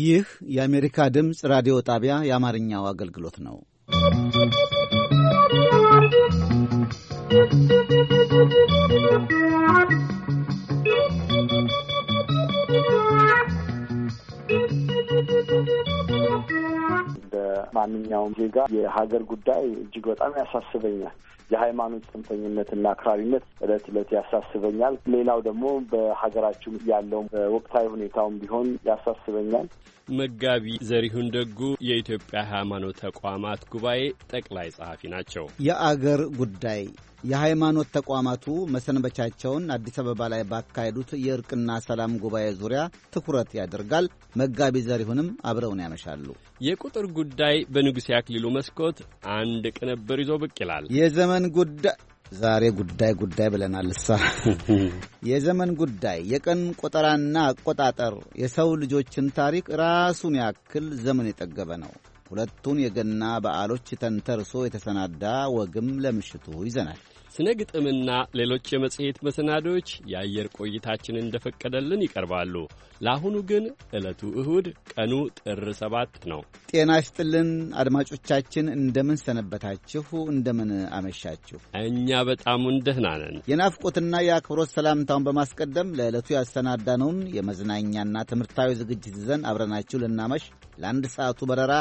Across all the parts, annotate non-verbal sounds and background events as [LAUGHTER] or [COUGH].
ይህ የአሜሪካ ድምፅ ራዲዮ ጣቢያ የአማርኛው አገልግሎት ነው። ማንኛውም ዜጋ የሀገር ጉዳይ እጅግ በጣም ያሳስበኛል። የሃይማኖት ጽንፈኝነትና አክራሪነት እለት እለት ያሳስበኛል። ሌላው ደግሞ በሀገራችን ያለው ወቅታዊ ሁኔታውም ቢሆን ያሳስበኛል። መጋቢ ዘሪሁን ደጉ የኢትዮጵያ ሃይማኖት ተቋማት ጉባኤ ጠቅላይ ጸሐፊ ናቸው። የአገር ጉዳይ የሃይማኖት ተቋማቱ መሰንበቻቸውን አዲስ አበባ ላይ ባካሄዱት የእርቅና ሰላም ጉባኤ ዙሪያ ትኩረት ያደርጋል። መጋቢ ዘሪሁንም አብረውን ያመሻሉ። የቁጥር ጉዳይ በንጉሴ አክሊሉ መስኮት አንድ ቅንብር ይዞ ብቅ ይላል። የዘመን ጉዳይ ዛሬ ጉዳይ ጉዳይ ብለናል። እሳ [LAUGHS] የዘመን ጉዳይ የቀን ቆጠራና አቆጣጠር የሰው ልጆችን ታሪክ ራሱን ያክል ዘመን የጠገበ ነው። ሁለቱን የገና በዓሎች ተንተርሶ የተሰናዳ ወግም ለምሽቱ ይዘናል። ስነ ግጥምና ሌሎች የመጽሔት መሰናዶች የአየር ቆይታችንን እንደፈቀደልን ይቀርባሉ። ለአሁኑ ግን ዕለቱ እሁድ ቀኑ ጥር ሰባት ነው። ጤና ይስጥልን አድማጮቻችን፣ እንደምን ሰነበታችሁ? እንደምን አመሻችሁ? እኛ በጣም ደህና ነን። የናፍቆትና የአክብሮት ሰላምታውን በማስቀደም ለዕለቱ ያሰናዳነውን የመዝናኛና ትምህርታዊ ዝግጅት ይዘን አብረናችሁ ልናመሽ ለአንድ ሰዓቱ በረራ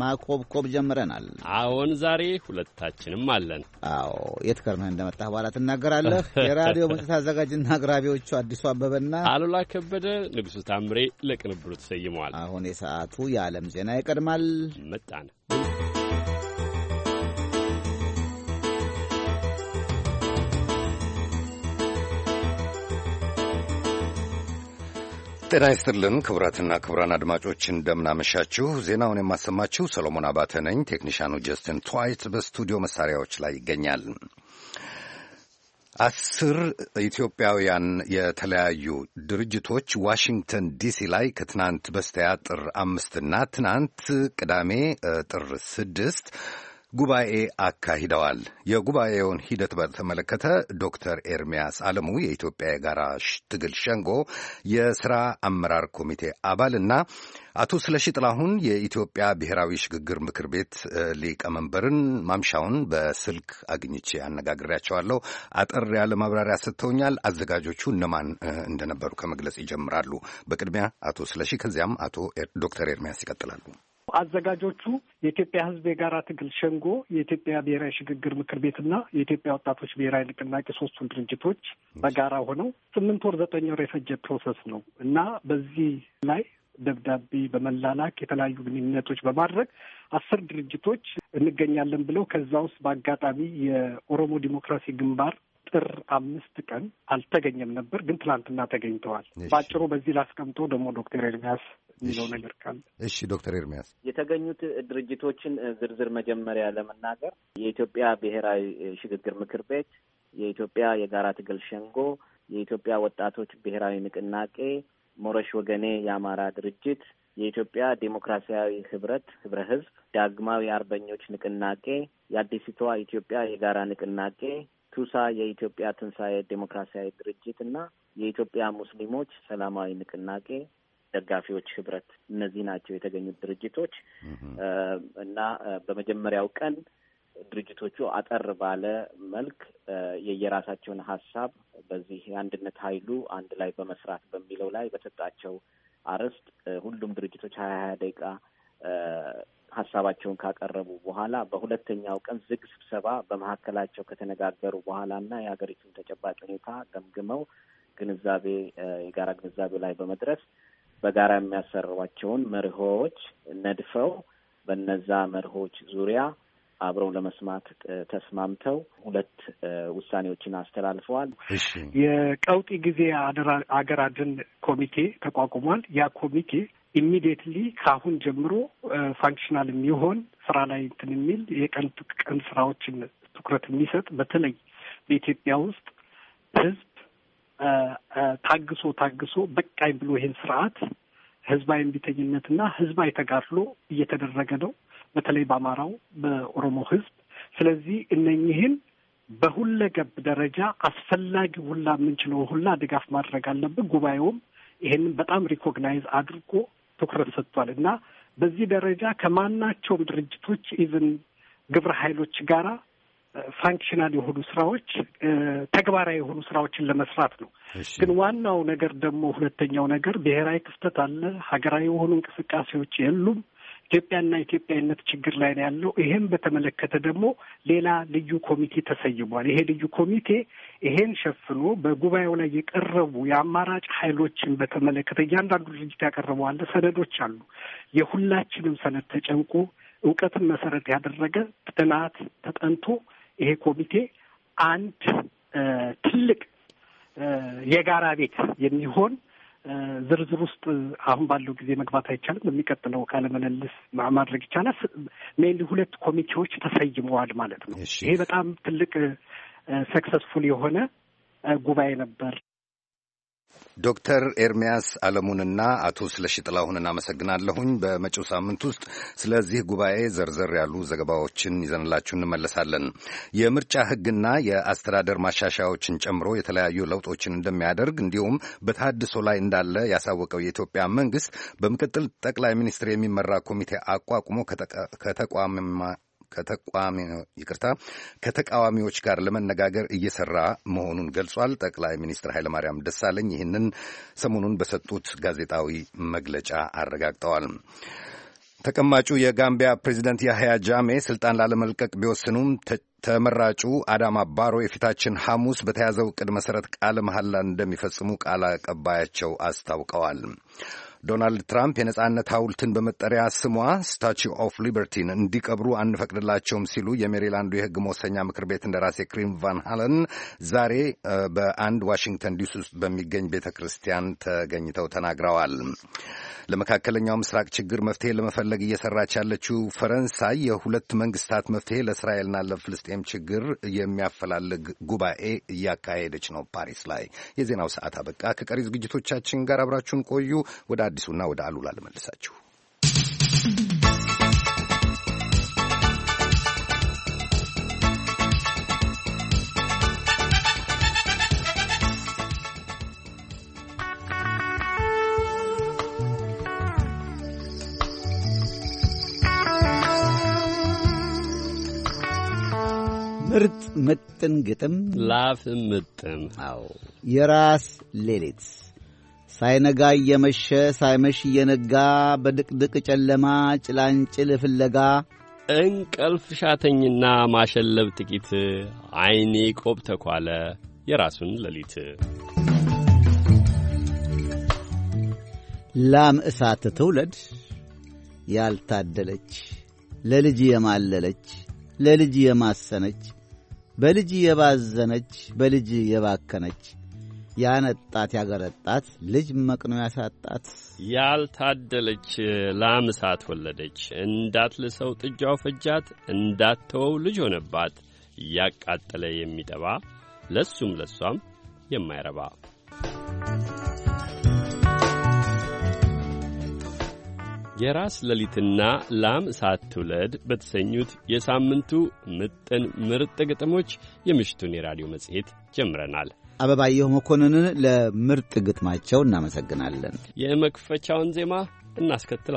ማኮብኮብ ጀምረናል። አዎን፣ ዛሬ ሁለታችንም አለን። አዎ፣ የት ከርመህ እንደመጣህ በኋላ ትናገራለህ። [LAUGHS] የራዲዮ መጽሔት አዘጋጅና አቅራቢዎቹ አዲሱ አበበና አሉላ ከበደ፣ ንጉሱ ታምሬ ለቅንብሩ ተሰይመዋል። አሁን የሰዓቱ የዓለም ዜና ይቀድማል። መጣን ጤና ይስጥልን ክቡራትና ክቡራን አድማጮች እንደምናመሻችሁ። ዜናውን የማሰማችሁ ሰሎሞን አባተ ነኝ። ቴክኒሻኑ ጀስትን ትዋይት በስቱዲዮ መሳሪያዎች ላይ ይገኛል። አስር ኢትዮጵያውያን የተለያዩ ድርጅቶች ዋሽንግተን ዲሲ ላይ ከትናንት በስቲያ ጥር አምስትና ትናንት ቅዳሜ ጥር ስድስት ጉባኤ አካሂደዋል። የጉባኤውን ሂደት በተመለከተ ዶክተር ኤርሚያስ አለሙ የኢትዮጵያ የጋራ ትግል ሸንጎ የሥራ አመራር ኮሚቴ አባልና አቶ ስለሺ ጥላሁን የኢትዮጵያ ብሔራዊ ሽግግር ምክር ቤት ሊቀመንበርን ማምሻውን በስልክ አግኝቼ አነጋግሬያቸዋለሁ። አጠር ያለ ማብራሪያ ሰጥተውኛል። አዘጋጆቹ እነማን እንደነበሩ ከመግለጽ ይጀምራሉ። በቅድሚያ አቶ ስለሺ፣ ከዚያም አቶ ዶክተር ኤርሚያስ ይቀጥላሉ። አዘጋጆቹ የኢትዮጵያ ሕዝብ የጋራ ትግል ሸንጎ፣ የኢትዮጵያ ብሔራዊ ሽግግር ምክር ቤትና የኢትዮጵያ ወጣቶች ብሔራዊ ንቅናቄ ሶስቱን ድርጅቶች በጋራ ሆነው ስምንት ወር ዘጠኝ ወር የፈጀ ፕሮሰስ ነው እና በዚህ ላይ ደብዳቤ በመላላክ የተለያዩ ግንኙነቶች በማድረግ አስር ድርጅቶች እንገኛለን ብለው ከዛ ውስጥ በአጋጣሚ የኦሮሞ ዲሞክራሲ ግንባር ጥር አምስት ቀን አልተገኘም ነበር፣ ግን ትናንትና ተገኝተዋል። በአጭሩ በዚህ ላስቀምጦ ደግሞ ዶክተር ኤርሚያስ የሚለው ነገር ካለ። እሺ ዶክተር ኤርሚያስ የተገኙት ድርጅቶችን ዝርዝር መጀመሪያ ለመናገር የኢትዮጵያ ብሔራዊ ሽግግር ምክር ቤት፣ የኢትዮጵያ የጋራ ትግል ሸንጎ፣ የኢትዮጵያ ወጣቶች ብሔራዊ ንቅናቄ፣ ሞረሽ ወገኔ የአማራ ድርጅት፣ የኢትዮጵያ ዴሞክራሲያዊ ህብረት ህብረ ህዝብ፣ ዳግማዊ አርበኞች ንቅናቄ፣ የአዲሲቷ ኢትዮጵያ የጋራ ንቅናቄ ቱሳ የኢትዮጵያ ትንሣኤ ዴሞክራሲያዊ ድርጅት እና የኢትዮጵያ ሙስሊሞች ሰላማዊ ንቅናቄ ደጋፊዎች ህብረት እነዚህ ናቸው የተገኙት ድርጅቶች እና በመጀመሪያው ቀን ድርጅቶቹ አጠር ባለ መልክ የየራሳቸውን ሀሳብ በዚህ የአንድነት ኃይሉ አንድ ላይ በመስራት በሚለው ላይ በሰጣቸው አርዕስት ሁሉም ድርጅቶች ሀያ ሀያ ደቂቃ ሀሳባቸውን ካቀረቡ በኋላ በሁለተኛው ቀን ዝግ ስብሰባ በመካከላቸው ከተነጋገሩ በኋላ እና የሀገሪቱን ተጨባጭ ሁኔታ ገምግመው ግንዛቤ የጋራ ግንዛቤ ላይ በመድረስ በጋራ የሚያሰሯቸውን መርሆዎች ነድፈው በነዛ መርሆች ዙሪያ አብረው ለመስማት ተስማምተው ሁለት ውሳኔዎችን አስተላልፈዋል። የቀውጢ ጊዜ አገር አድን ኮሚቴ ተቋቁሟል። ያ ኮሚቴ ኢሚዲየትሊ ከአሁን ጀምሮ ፋንክሽናል የሚሆን ስራ ላይ እንትን የሚል የቀን ቀን ስራዎችን ትኩረት የሚሰጥ በተለይ በኢትዮጵያ ውስጥ ህዝብ ታግሶ ታግሶ በቃኝ ብሎ ይህን ስርዓት ህዝባዊ እምቢተኝነትና ህዝባዊ ተጋድሎ እየተደረገ ነው፣ በተለይ በአማራው በኦሮሞ ህዝብ። ስለዚህ እነኝህን በሁለገብ ደረጃ አስፈላጊ ሁላ የምንችለው ሁላ ድጋፍ ማድረግ አለብን። ጉባኤውም ይሄንን በጣም ሪኮግናይዝ አድርጎ ትኩረት ሰጥቷል እና በዚህ ደረጃ ከማናቸውም ድርጅቶች ኢቭን ግብረ ኃይሎች ጋራ ፋንክሽናል የሆኑ ስራዎች ተግባራዊ የሆኑ ስራዎችን ለመስራት ነው። ግን ዋናው ነገር ደግሞ ሁለተኛው ነገር ብሔራዊ ክፍተት አለ። ሀገራዊ የሆኑ እንቅስቃሴዎች የሉም። ኢትዮጵያና ኢትዮጵያዊነት ችግር ላይ ነው ያለው። ይሄን በተመለከተ ደግሞ ሌላ ልዩ ኮሚቴ ተሰይሟል። ይሄ ልዩ ኮሚቴ ይሄን ሸፍኖ በጉባኤው ላይ የቀረቡ የአማራጭ ኃይሎችን በተመለከተ እያንዳንዱ ድርጅት ያቀረበዋለ ሰነዶች አሉ። የሁላችንም ሰነድ ተጨንቆ እውቀትን መሰረት ያደረገ ጥናት ተጠንቶ ይሄ ኮሚቴ አንድ ትልቅ የጋራ ቤት የሚሆን ዝርዝር ውስጥ አሁን ባለው ጊዜ መግባት አይቻልም። የሚቀጥለው ካለመለልስ ማድረግ ይቻላል። ሜይንሊ ሁለት ኮሚቴዎች ተሰይመዋል ማለት ነው። ይሄ በጣም ትልቅ ሰክሰስፉል የሆነ ጉባኤ ነበር። ዶክተር ኤርሚያስ አለሙንና አቶ ስለሺ ጥላሁን እናመሰግናለሁኝ። በመጪው ሳምንት ውስጥ ስለዚህ ጉባኤ ዘርዘር ያሉ ዘገባዎችን ይዘንላችሁ እንመለሳለን። የምርጫ ሕግና የአስተዳደር ማሻሻያዎችን ጨምሮ የተለያዩ ለውጦችን እንደሚያደርግ እንዲሁም በተሃድሶ ላይ እንዳለ ያሳወቀው የኢትዮጵያ መንግስት በምክትል ጠቅላይ ሚኒስትር የሚመራ ኮሚቴ አቋቁሞ ከተቋማ ይቅርታ ከተቃዋሚዎች ጋር ለመነጋገር እየሰራ መሆኑን ገልጿል። ጠቅላይ ሚኒስትር ኃይለማርያም ደሳለኝ ይህንን ሰሞኑን በሰጡት ጋዜጣዊ መግለጫ አረጋግጠዋል። ተቀማጩ የጋምቢያ ፕሬዚደንት ያህያ ጃሜ ስልጣን ላለመልቀቅ ቢወስኑም ተመራጩ አዳማ ባሮ የፊታችን ሐሙስ በተያዘው ዕቅድ መሠረት ቃለ መሐላን እንደሚፈጽሙ ቃል አቀባያቸው አስታውቀዋል። ዶናልድ ትራምፕ የነጻነት ሐውልትን በመጠሪያ ስሟ ስታቹ ኦፍ ሊበርቲን እንዲቀብሩ አንፈቅድላቸውም ሲሉ የሜሪላንዱ የሕግ መወሰኛ ምክር ቤት እንደራሴ ክሪም ቫን ሃለን ዛሬ በአንድ ዋሽንግተን ዲሲ ውስጥ በሚገኝ ቤተ ክርስቲያን ተገኝተው ተናግረዋል። ለመካከለኛው ምስራቅ ችግር መፍትሄ ለመፈለግ እየሰራች ያለችው ፈረንሳይ የሁለት መንግስታት መፍትሄ ለእስራኤልና ለፍልስጤም ችግር የሚያፈላልግ ጉባኤ እያካሄደች ነው ፓሪስ ላይ። የዜናው ሰዓት አበቃ። ከቀሪ ዝግጅቶቻችን ጋር አብራችሁን ቆዩ። ወደ አዲሱና ወደ አሉላ ልመልሳችሁ። ምርጥ ምጥን ግጥም ላፍ ምጥን አዎ የራስ ሌሊት ሳይነጋ እየመሸ ሳይመሽ እየነጋ በድቅድቅ ጨለማ ጭላንጭል ፍለጋ እንቅልፍ ሻተኝና ማሸለብ ጥቂት ዐይኔ ቆብ ተኳለ የራሱን ሌሊት ላም እሳት ትውለድ ያልታደለች ለልጅ የማለለች ለልጅ የማሰነች በልጅ የባዘነች በልጅ የባከነች ያነጣት ያገረጣት ልጅ መቅኖ ያሳጣት ያልታደለች ላም እሳት ወለደች። እንዳትልሰው ጥጃው ፈጃት፣ እንዳትተወው ልጅ ሆነባት። እያቃጠለ የሚጠባ ለሱም ለሷም የማይረባ የራስ ሌሊትና ላም እሳት ትውለድ በተሰኙት የሳምንቱ ምጥን ምርጥ ግጥሞች የምሽቱን የራዲዮ መጽሔት ጀምረናል። አበባየሁ መኮንንን ለምርጥ ግጥማቸው እናመሰግናለን። የመክፈቻውን ዜማ እናስከትላ።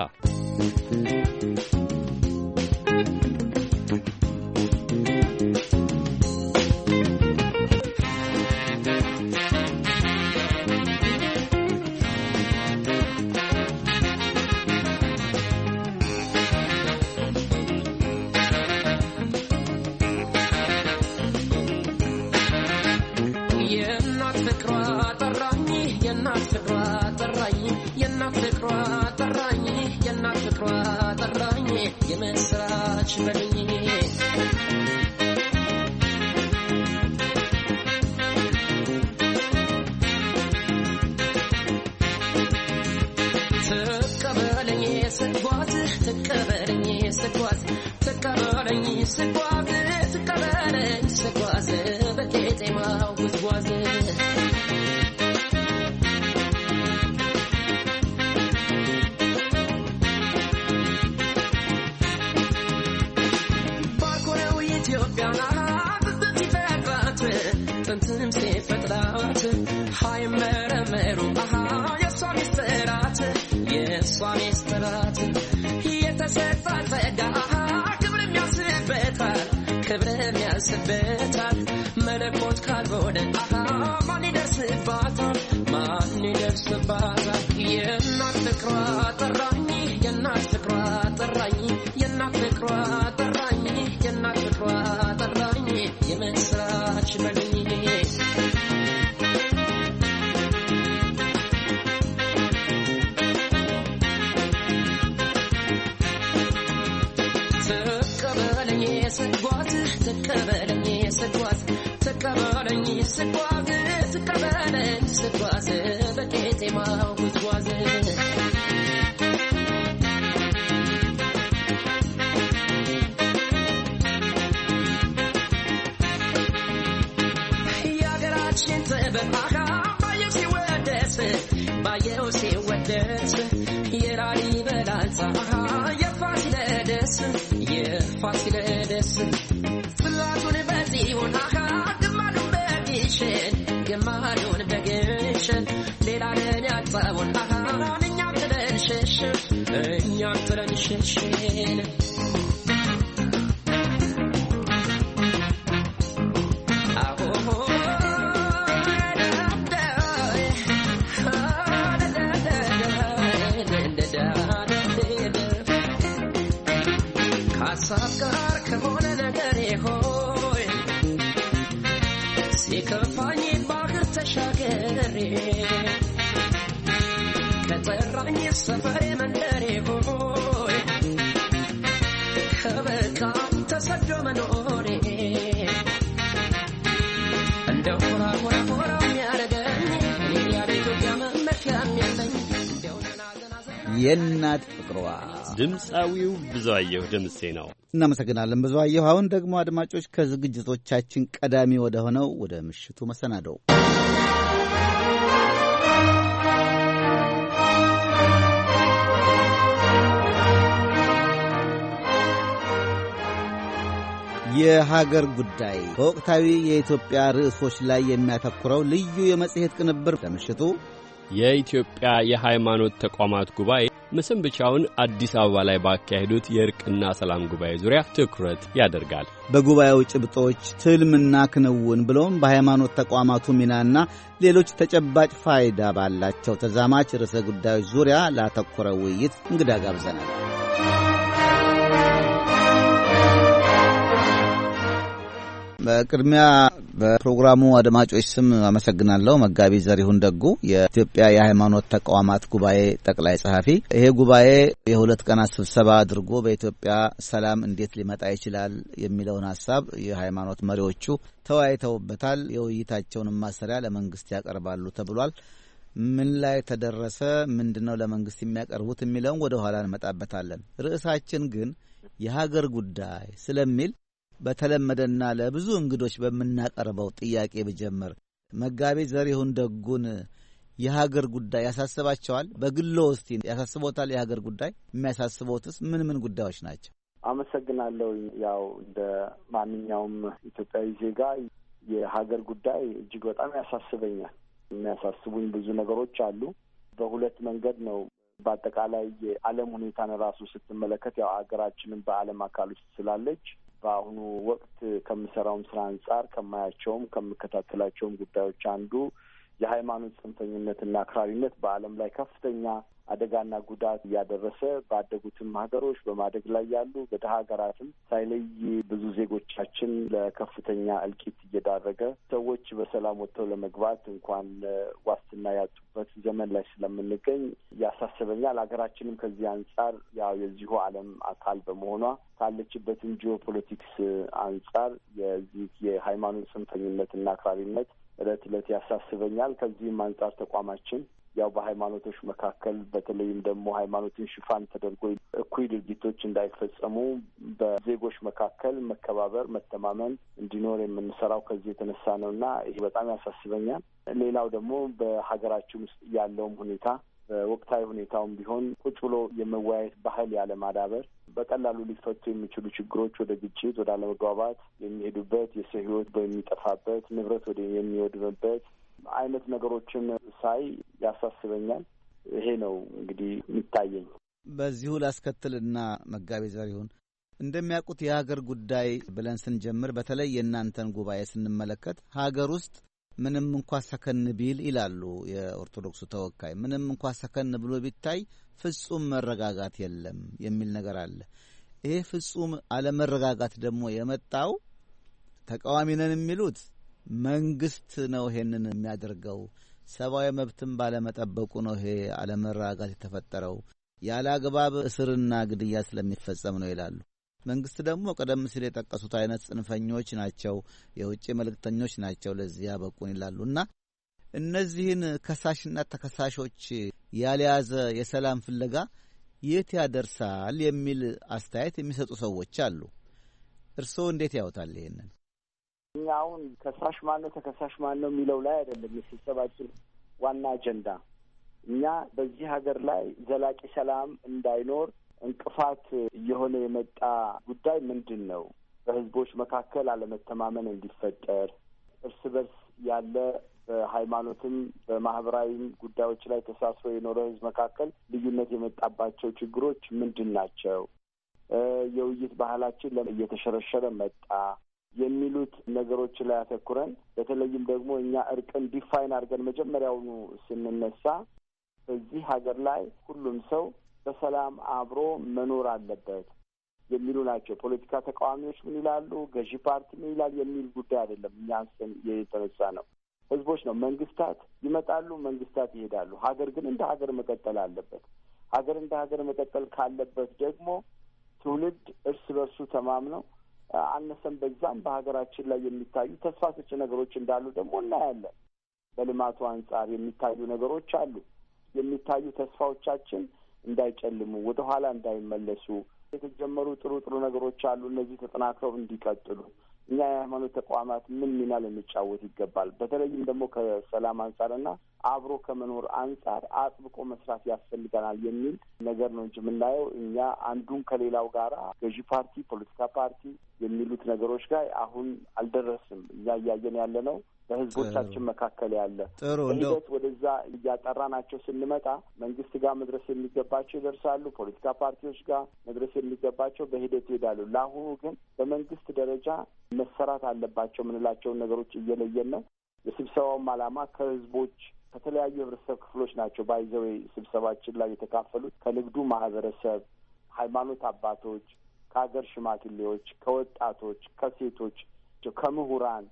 entrar, te perdoar. ذكرى ሳይሆን እኛም ጥለን ሸሽን እኛም ጥለን ሸሽን Saka ጠራኝ ሰፈሬ መንደሬ ሆይ ከበቃኝ ተሰዶ መኖሬ እንደ ሆራ ሆራ ሆራ የእናት ፍቅሯ ድምፃዊው ብዙአየሁ ደምሴ ነው። እናመሰግናለን ብዙአየሁ። አሁን ደግሞ አድማጮች ከዝግጅቶቻችን ቀዳሚ ወደ ሆነው ወደ ምሽቱ መሰናደው የሀገር ጉዳይ በወቅታዊ የኢትዮጵያ ርዕሶች ላይ የሚያተኩረው ልዩ የመጽሔት ቅንብር ለምሽቱ የኢትዮጵያ የሃይማኖት ተቋማት ጉባኤ መሰንበቻውን አዲስ አበባ ላይ ባካሄዱት የእርቅና ሰላም ጉባኤ ዙሪያ ትኩረት ያደርጋል። በጉባኤው ጭብጦች፣ ትልምና ክንውን ብሎም በሃይማኖት ተቋማቱ ሚናና ሌሎች ተጨባጭ ፋይዳ ባላቸው ተዛማች ርዕሰ ጉዳዮች ዙሪያ ላተኮረ ውይይት እንግዳ ጋብዘናል። በቅድሚያ በፕሮግራሙ አድማጮች ስም አመሰግናለሁ። መጋቢ ዘሪሁን ደጉ የኢትዮጵያ የሃይማኖት ተቋማት ጉባኤ ጠቅላይ ጸሐፊ። ይሄ ጉባኤ የሁለት ቀናት ስብሰባ አድርጎ በኢትዮጵያ ሰላም እንዴት ሊመጣ ይችላል የሚለውን ሀሳብ የሃይማኖት መሪዎቹ ተወያይተውበታል። የውይይታቸውን ማሰሪያ ለመንግስት ያቀርባሉ ተብሏል። ምን ላይ ተደረሰ? ምንድነው ለመንግስት የሚያቀርቡት የሚለውን ወደ ኋላ እንመጣበታለን። ርዕሳችን ግን የሀገር ጉዳይ ስለሚል በተለመደና ለብዙ እንግዶች በምናቀርበው ጥያቄ ብጀምር መጋቤ ዘሪሁን ደጉን የሀገር ጉዳይ ያሳስባቸዋል? በግሎ ውስቲ ያሳስቦታል? የሀገር ጉዳይ የሚያሳስቦትስ ምን ምን ጉዳዮች ናቸው? አመሰግናለሁ። ያው እንደ ማንኛውም ኢትዮጵያዊ ዜጋ የሀገር ጉዳይ እጅግ በጣም ያሳስበኛል። የሚያሳስቡኝ ብዙ ነገሮች አሉ። በሁለት መንገድ ነው። በአጠቃላይ የዓለም ሁኔታን ራሱ ስትመለከት ያው ሀገራችንም በዓለም አካል ውስጥ ስላለች በአሁኑ ወቅት ከምሰራውም ስራ አንጻር ከማያቸውም ከምከታተላቸውም ጉዳዮች አንዱ የሃይማኖት ጽንፈኝነትና አክራሪነት በዓለም ላይ ከፍተኛ አደጋና ጉዳት እያደረሰ ባደጉትም ሀገሮች በማደግ ላይ ያሉ በድሀ ሀገራትም ሳይለይ ብዙ ዜጎቻችን ለከፍተኛ እልቂት እየዳረገ ሰዎች በሰላም ወጥተው ለመግባት እንኳን ዋስትና ያጡበት ዘመን ላይ ስለምንገኝ ያሳስበኛል። ሀገራችንም ከዚህ አንጻር ያው የዚሁ ዓለም አካል በመሆኗ ካለችበትም ጂኦ ፖለቲክስ አንጻር የዚህ የሃይማኖት ጽንፈኝነትና አክራሪነት እለት እለት ያሳስበኛል። ከዚህም አንጻር ተቋማችን ያው በሃይማኖቶች መካከል በተለይም ደግሞ ሃይማኖትን ሽፋን ተደርጎ እኩይ ድርጊቶች እንዳይፈጸሙ በዜጎች መካከል መከባበር፣ መተማመን እንዲኖር የምንሰራው ከዚህ የተነሳ ነው እና ይህ በጣም ያሳስበኛል። ሌላው ደግሞ በሀገራችን ውስጥ ያለውም ሁኔታ ወቅታዊ ሁኔታውም ቢሆን ቁጭ ብሎ የመወያየት ባህል ያለማዳበር በቀላሉ ሊፈቱ የሚችሉ ችግሮች ወደ ግጭት፣ ወደ አለመግባባት የሚሄዱበት የሰው በሚጠፋበት ንብረት ወደ የሚወድምበት አይነት ነገሮችን ሳይ ያሳስበኛል። ይሄ ነው እንግዲህ የሚታየኝ። በዚሁ ላስከትልና መጋቤ ዘሪሁን እንደሚያውቁት የሀገር ጉዳይ ብለን ስንጀምር በተለይ የእናንተን ጉባኤ ስንመለከት ሀገር ውስጥ ምንም እንኳ ሰከን ቢል ይላሉ የኦርቶዶክሱ ተወካይ፣ ምንም እንኳ ሰከን ብሎ ቢታይ ፍጹም መረጋጋት የለም የሚል ነገር አለ። ይሄ ፍጹም አለመረጋጋት ደግሞ የመጣው ተቃዋሚ ነን የሚሉት መንግስት ነው ይሄንን የሚያደርገው። ሰብአዊ መብትን ባለመጠበቁ ነው ይሄ አለመረጋጋት የተፈጠረው። ያለ አግባብ እስርና ግድያ ስለሚፈጸም ነው ይላሉ። መንግስት ደግሞ ቀደም ሲል የጠቀሱት አይነት ጽንፈኞች ናቸው፣ የውጭ መልእክተኞች ናቸው ለዚህ ያበቁን ይላሉ እና እነዚህን ከሳሽና ተከሳሾች ያልያዘ የሰላም ፍለጋ የት ያደርሳል የሚል አስተያየት የሚሰጡ ሰዎች አሉ። እርስዎ እንዴት ያውታል ይሄንን? እኛ አሁን ከሳሽ ማን ነው ተከሳሽ ማን ነው የሚለው ላይ አይደለም የስብሰባችን ዋና አጀንዳ። እኛ በዚህ ሀገር ላይ ዘላቂ ሰላም እንዳይኖር እንቅፋት እየሆነ የመጣ ጉዳይ ምንድን ነው? በህዝቦች መካከል አለመተማመን እንዲፈጠር እርስ በርስ ያለ በሃይማኖትም በማህበራዊም ጉዳዮች ላይ ተሳስሮ የኖረ ህዝብ መካከል ልዩነት የመጣባቸው ችግሮች ምንድን ናቸው? የውይይት ባህላችን እየተሸረሸረ መጣ። የሚሉት ነገሮች ላይ አተኩረን በተለይም ደግሞ እኛ እርቅን ዲፋይን አድርገን መጀመሪያውኑ ስንነሳ በዚህ ሀገር ላይ ሁሉም ሰው በሰላም አብሮ መኖር አለበት የሚሉ ናቸው። ፖለቲካ ተቃዋሚዎች ምን ይላሉ፣ ገዢ ፓርቲ ምን ይላል የሚል ጉዳይ አይደለም። እኛ ስን የተነሳ ነው ህዝቦች ነው። መንግስታት ይመጣሉ፣ መንግስታት ይሄዳሉ። ሀገር ግን እንደ ሀገር መቀጠል አለበት። ሀገር እንደ ሀገር መቀጠል ካለበት ደግሞ ትውልድ እርስ በርሱ ተማምነው አነሰን በዛም በሀገራችን ላይ የሚታዩ ተስፋ ሰጪ ነገሮች እንዳሉ ደግሞ እናያለን። በልማቱ አንጻር የሚታዩ ነገሮች አሉ። የሚታዩ ተስፋዎቻችን እንዳይጨልሙ፣ ወደ ኋላ እንዳይመለሱ የተጀመሩ ጥሩ ጥሩ ነገሮች አሉ። እነዚህ ተጠናክረው እንዲቀጥሉ እኛ የሃይማኖት ተቋማት ምን ሚና ልንጫወት ይገባል? በተለይም ደግሞ ከሰላም አንጻርና አብሮ ከመኖር አንጻር አጥብቆ መስራት ያስፈልገናል የሚል ነገር ነው እንጂ የምናየው እኛ አንዱን ከሌላው ጋራ ገዢ ፓርቲ፣ ፖለቲካ ፓርቲ የሚሉት ነገሮች ላይ አሁን አልደረስም። እኛ እያየን ያለ ነው በህዝቦቻችን መካከል ያለ ሂደት ወደዛ እያጠራ ናቸው ስንመጣ መንግስት ጋር መድረስ የሚገባቸው ይደርሳሉ። ፖለቲካ ፓርቲዎች ጋር መድረስ የሚገባቸው በሂደት ይሄዳሉ። ለአሁኑ ግን በመንግስት ደረጃ መሰራት አለባቸው የምንላቸውን ነገሮች እየለየን ነው። የስብሰባውም ዓላማ ከህዝቦች ከተለያዩ ህብረተሰብ ክፍሎች ናቸው ባይዘዌ ስብሰባችን ላይ የተካፈሉት ከንግዱ ማህበረሰብ፣ ሃይማኖት አባቶች፣ ከሀገር ሽማግሌዎች፣ ከወጣቶች፣ ከሴቶች፣ ከምሁራን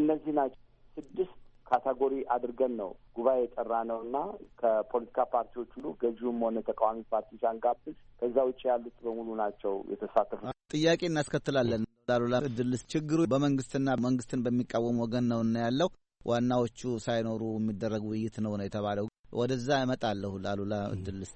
እነዚህ ናቸው ስድስት ካታጎሪ አድርገን ነው ጉባኤ የጠራ ነው እና ከፖለቲካ ፓርቲዎች ሁሉ ገዢውም ሆነ ተቃዋሚ ፓርቲ ሳንጋብዝ ከዛ ውጭ ያሉት በሙሉ ናቸው የተሳተፉ። ጥያቄ እናስከትላለን። ዳሉላ እድልስ ችግሩ በመንግስትና መንግስትን በሚቃወም ወገን ነው እና ያለው ዋናዎቹ ሳይኖሩ የሚደረግ ውይይት ነው ነው የተባለው። ወደዛ እመጣለሁ። ላሉላ እድልስ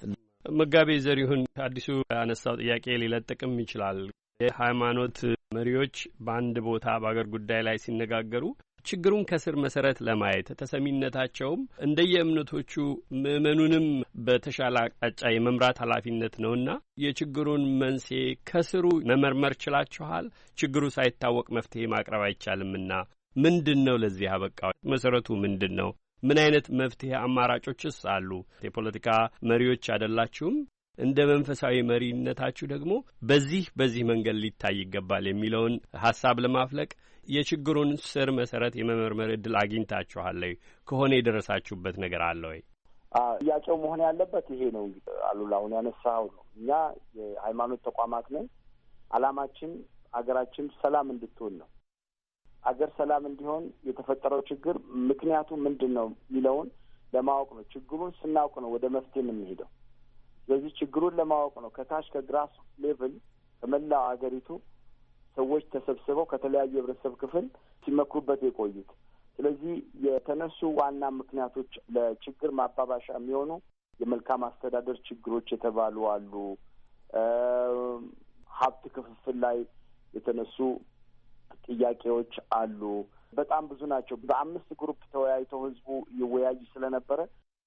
መጋቤ ዘሪሁን አዲሱ ያነሳው ጥያቄ ሊለጥቅም ይችላል። የሃይማኖት መሪዎች በአንድ ቦታ በአገር ጉዳይ ላይ ሲነጋገሩ ችግሩን ከስር መሰረት ለማየት ተሰሚነታቸውም እንደየእምነቶቹ ምእመኑንም በተሻለ አቅጣጫ የመምራት ኃላፊነት ነውና የችግሩን መንስኤ ከስሩ መመርመር ችላችኋል? ችግሩ ሳይታወቅ መፍትሄ ማቅረብ አይቻልምና ምንድን ነው ለዚህ አበቃ? መሰረቱ ምንድን ነው? ምን አይነት መፍትሄ አማራጮችስ አሉ? የፖለቲካ መሪዎች አይደላችሁም፣ እንደ መንፈሳዊ መሪነታችሁ ደግሞ በዚህ በዚህ መንገድ ሊታይ ይገባል የሚለውን ሀሳብ ለማፍለቅ የችግሩን ስር መሰረት የመመርመር እድል አግኝታችኋለሁ ከሆነ የደረሳችሁበት ነገር አለ ወይ? ጥያቄው መሆን ያለበት ይሄ ነው። አሉላሁን ያነሳው ያነሳኸው ነው። እኛ የሃይማኖት ተቋማት ነን። አላማችን አገራችን ሰላም እንድትሆን ነው። አገር ሰላም እንዲሆን የተፈጠረው ችግር ምክንያቱ ምንድን ነው የሚለውን ለማወቅ ነው። ችግሩን ስናውቅ ነው ወደ መፍትሄ የምንሄደው። ስለዚህ ችግሩን ለማወቅ ነው ከታች ከግራስ ሌቭል ከመላ አገሪቱ ሰዎች ተሰብስበው ከተለያዩ የህብረተሰብ ክፍል ሲመክሩበት የቆዩት። ስለዚህ የተነሱ ዋና ምክንያቶች ለችግር ማባባሻ የሚሆኑ የመልካም አስተዳደር ችግሮች የተባሉ አሉ። ሀብት ክፍፍል ላይ የተነሱ ጥያቄዎች አሉ። በጣም ብዙ ናቸው። በአምስት ግሩፕ ተወያይተው ህዝቡ ይወያይ ስለነበረ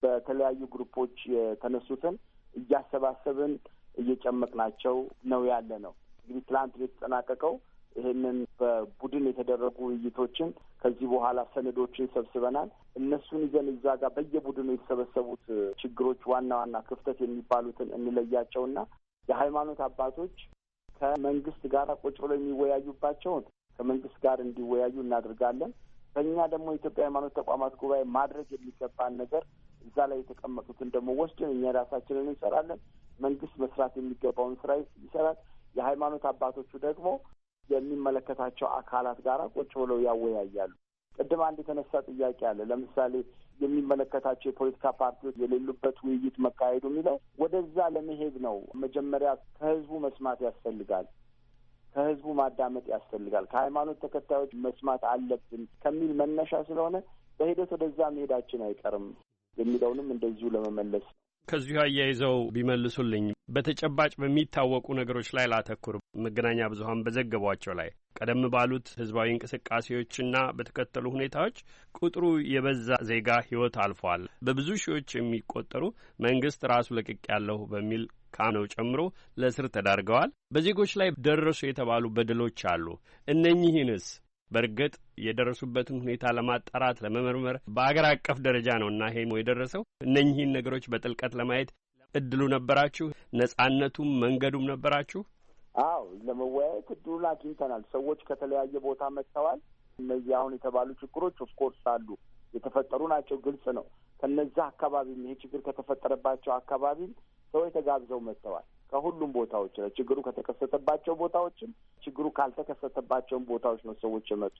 በተለያዩ ግሩፖች የተነሱትን እያሰባሰብን እየጨመቅናቸው ነው ያለ ነው። እንግዲህ ትላንት የተጠናቀቀው ይህንን በቡድን የተደረጉ ውይይቶችን ከዚህ በኋላ ሰነዶችን ሰብስበናል። እነሱን ይዘን እዛ ጋር በየቡድኑ የተሰበሰቡት ችግሮች ዋና ዋና ክፍተት የሚባሉትን እንለያቸውና የሃይማኖት አባቶች ከመንግስት ጋር ቁጭ ብለው የሚወያዩባቸውን ከመንግስት ጋር እንዲወያዩ እናደርጋለን። በእኛ ደግሞ የኢትዮጵያ ሃይማኖት ተቋማት ጉባኤ ማድረግ የሚገባን ነገር እዛ ላይ የተቀመጡትን ደግሞ ወስደን እኛ ራሳችንን እንሰራለን። መንግስት መስራት የሚገባውን ስራ ይሰራል። የሃይማኖት አባቶቹ ደግሞ የሚመለከታቸው አካላት ጋር ቁጭ ብለው ያወያያሉ። ቅድም አንድ የተነሳ ጥያቄ አለ። ለምሳሌ የሚመለከታቸው የፖለቲካ ፓርቲዎች የሌሉበት ውይይት መካሄዱ የሚለው ወደዛ ለመሄድ ነው። መጀመሪያ ከህዝቡ መስማት ያስፈልጋል። ከህዝቡ ማዳመጥ ያስፈልጋል። ከሃይማኖት ተከታዮች መስማት አለብን ከሚል መነሻ ስለሆነ በሂደት ወደዛ መሄዳችን አይቀርም። የሚለውንም እንደዚሁ ለመመለስ ከዚሁ አያይዘው ቢመልሱልኝ በተጨባጭ በሚታወቁ ነገሮች ላይ ላተኩር። መገናኛ ብዙኃን በዘገቧቸው ላይ ቀደም ባሉት ህዝባዊ እንቅስቃሴዎችና በተከተሉ ሁኔታዎች ቁጥሩ የበዛ ዜጋ ህይወት አልፏል። በብዙ ሺዎች የሚቆጠሩ መንግስት ራሱ ለቅቅ ያለሁ በሚል ካነው ጨምሮ ለእስር ተዳርገዋል። በዜጎች ላይ ደረሱ የተባሉ በደሎች አሉ። እነኚህንስ በእርግጥ የደረሱበትን ሁኔታ ለማጣራት ለመመርመር በአገር አቀፍ ደረጃ ነው እና ሄሞ የደረሰው እነኚህን ነገሮች በጥልቀት ለማየት እድሉ ነበራችሁ? ነጻነቱም መንገዱም ነበራችሁ? አዎ ለመወያየት እድሉን አግኝተናል። ሰዎች ከተለያየ ቦታ መጥተዋል። እነዚህ አሁን የተባሉ ችግሮች ኦፍኮርስ አሉ፣ የተፈጠሩ ናቸው፣ ግልጽ ነው። ከነዛ አካባቢም ይሄ ችግር ከተፈጠረባቸው አካባቢም ሰዎች ተጋብዘው መጥተዋል። ከሁሉም ቦታዎች ላይ ችግሩ ከተከሰተባቸው ቦታዎችም ችግሩ ካልተከሰተባቸውም ቦታዎች ነው ሰዎች የመጡ።